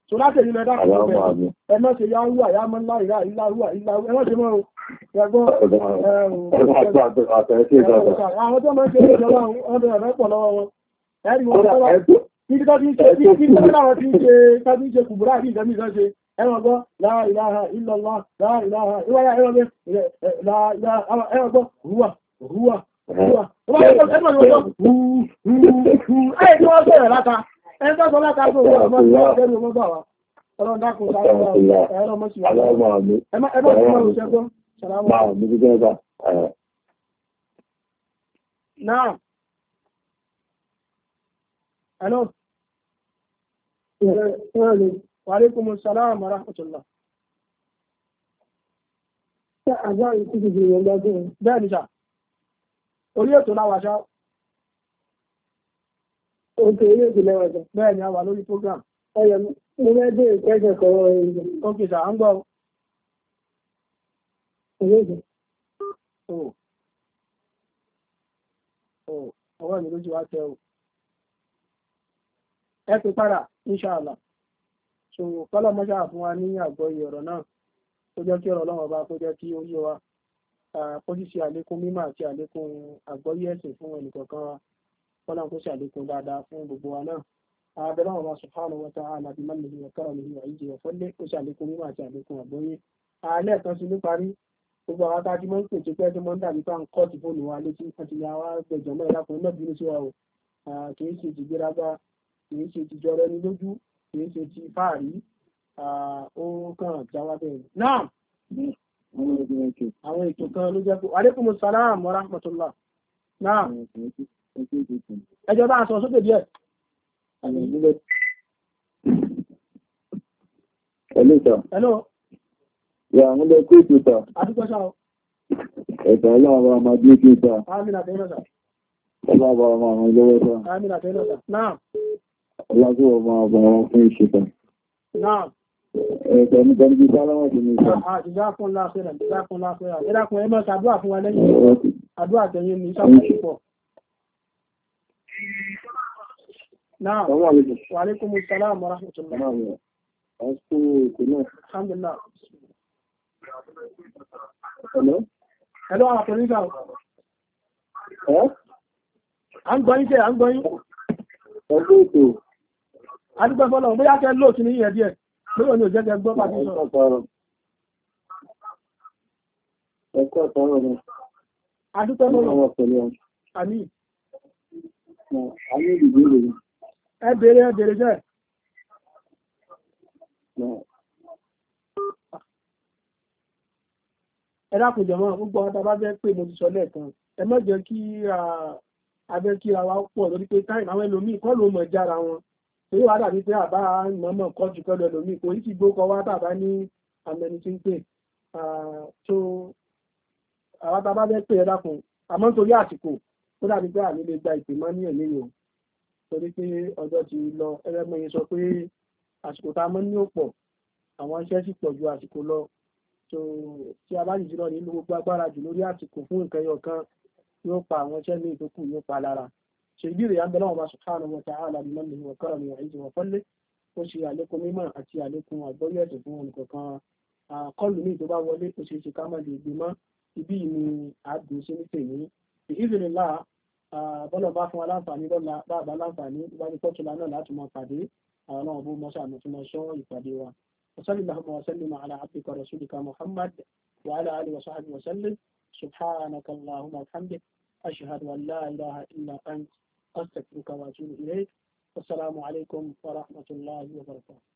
S1: tó láti ẹ̀yìn mẹ́ta ẹ̀mọ́ ṣe yá wúwà yá mọ́ láìrá ìláwà ìláwà ẹ̀mọ́ ṣe mọ́ ẹ̀gbọ́n àwọn tó máa ń ṣe ní ìjọba ọdún ẹ̀rẹ́ pọ̀ lọ́wọ́ wọn ẹ̀rí wọn tọ́wọ́ títí tó ti ń ṣe títí tó láwọn ti ń ṣe tábí ń ṣe kùbùrá àbí ìjọba ìjọba ṣe ẹ̀rọ gbọ́ láìláha ìlọ́lá láìláha ìwáyà ẹ̀rọ gbé ẹ̀rọ gbọ́ rúwà rúwà rúwà ẹ̀rọ gbọ́
S2: rúwà
S1: rúwà Ẹgbẹ́ sọ láti àgbò wọn ọmọ ìwọ̀n ọ̀gẹ́rù ọmọ bà wá. Ọlọ́run dákùn sáré ẹ̀rọ mọ́ sí wà. Ẹgbẹ́ sọ mọ́ ìṣẹ́gbọ́n. Náà. Hello. Wa alaikumus salam wa rahmatullah. Ṣé àjá ìkúkú ìgbìyànjú ọjọ́ bẹ́ẹ̀ ni sà? Orí ètò láwàṣá Oṣù orílẹ̀-èdè lẹ́wọ̀ ẹ̀sẹ̀. Bẹ́ẹ̀ a program. Ọyọ̀ mo fẹ́ bèèrè kẹ́sẹ̀ kọ̀ọ̀rọ̀ ẹ̀yìn. Ókè sà, o. Ẹ ti So, fún wa ní àgbọ́yé ọ̀rọ̀ náà. Ó jẹ́ kí ọba kí ó wa. àlékún àti àlékún fún wa. kọ́lá kó ṣàlékún dáadáa fún gbogbo wa náà àbẹ̀rẹ̀ àwọn subhanahu wa ta'ala bi mannihi wa karamihi wa ìjì ọ̀fọ́lé kó ṣàlékún mímọ̀ àti àlékún àgbọ́yé àálẹ̀ kan sí ní parí gbogbo àwọn tá mọ́ ń pè tí pẹ́ tí mọ́ ń dàbí pa ń kọ́ ti fóònù wa létí àti ìyá wa gbẹ̀jọ̀ mọ́ ìlàkùnrin náà bínú sí wa o kì ṣe ti gbéraga kì ṣe ti jọrọ ẹni lójú kì ṣe ti fáàrí ohun kan jáwá bẹ́ẹ̀ náà àwọn ètò kan ló jẹ́ pé alaikum salam náà ẹjọ́ bá sọ sókè díẹ̀ Hello, sir. Hello.
S2: Yà, mo lọ kó ètò sà. Àdúgbò sá o. Ẹ̀sà aláàbà máa bí ètò sà.
S1: Àmìnà tẹ́lọ̀ sà.
S2: Aláàbà máa ràn lọ́wọ́ sà.
S1: Àmìnà tẹ́lọ̀ sà. Náà.
S2: Aláàbà máa bọ̀ wọn fún ìṣe sà. Náà. Ẹ̀sà ní kan bí sálámà sí mi sà.
S1: Àjíjá fún láfẹ́rẹ̀, àjíjá fún láfẹ́rẹ̀. Ẹ dákun ẹ mọ́ sàdúà fún wa lẹ́yìn. Àdúà tẹ̀yìn ní sàkóṣ Náà, wa alaikum salaam wa Hello. Hello, àwọn akọ̀rin ìgbà. Ẹ́? A ń gbọ́ yín jẹ́, a ń gbọ́ yín. Ọdún ètò. A ti gbọ́ lọ́wọ́, bóyá kẹ́ lóòtú ní ìyẹn díẹ̀. Lóòrò ni ò jẹ́ kẹ́ sọ. Ẹ̀kọ́ ọ̀tọ̀rọ̀ ni. A ẹ bèrè ẹ bèrè gbogbo àwọn bá fẹ́ pé mo ti sọ lẹ́ẹ̀kan ẹ má jẹ́ kí abẹ́ kí ara pọ̀ lórí pé táì àwọn ẹlòmíì kọ́ ló mọ̀ jára wọn wàá dàbí pé àbá kọ́ ẹlòmíì kò ti tí fẹ́ ó dàbí pé àmì lè torí pé ọjọ́ ti lọ ẹlẹ́gbẹ́ yìí sọ pé àsìkò tá a mọ́ ní òpọ̀ àwọn iṣẹ́ sì pọ̀ ju àsìkò lọ so tí a bá sì jùlọ nínú gbogbo agbára jù lórí àsìkò fún nǹkan ẹyọ kan yóò pa àwọn iṣẹ́ ní ìtókù yóò pa lára ṣe ìbíre yà ń bẹ̀rẹ̀ wọn subhanahu wa ta'ala bi mannihi wa karamihi wa izzihi wa ó ṣe àlékún mímọ̀ àti àlékún àgbọ́yé ẹ̀sìn fún olùkọ̀ọ̀kan àkọlù ní ìtọ́ba wọlé ó ṣe ṣe ká má lè gbé mọ́ ibí ni àdùn sí ní tèmi ìdílé láà bọ́lọ̀ bá fún wa láǹfààní lọ́la bàbá láǹfààní ìwádìí pọ́tùlá náà láti mọ pàdé àwọn náà bó mọ́ṣá àmọ́ tí mo ṣọ́ ìpàdé wa وصلى اللهم وسلم على عبدك ورسولك محمد وعلى اله وصحبه وسلم سبحانك اللهم وبحمدك اشهد ان لا اله الا انت استغفرك واتوب اليك والسلام عليكم ورحمه الله وبركاته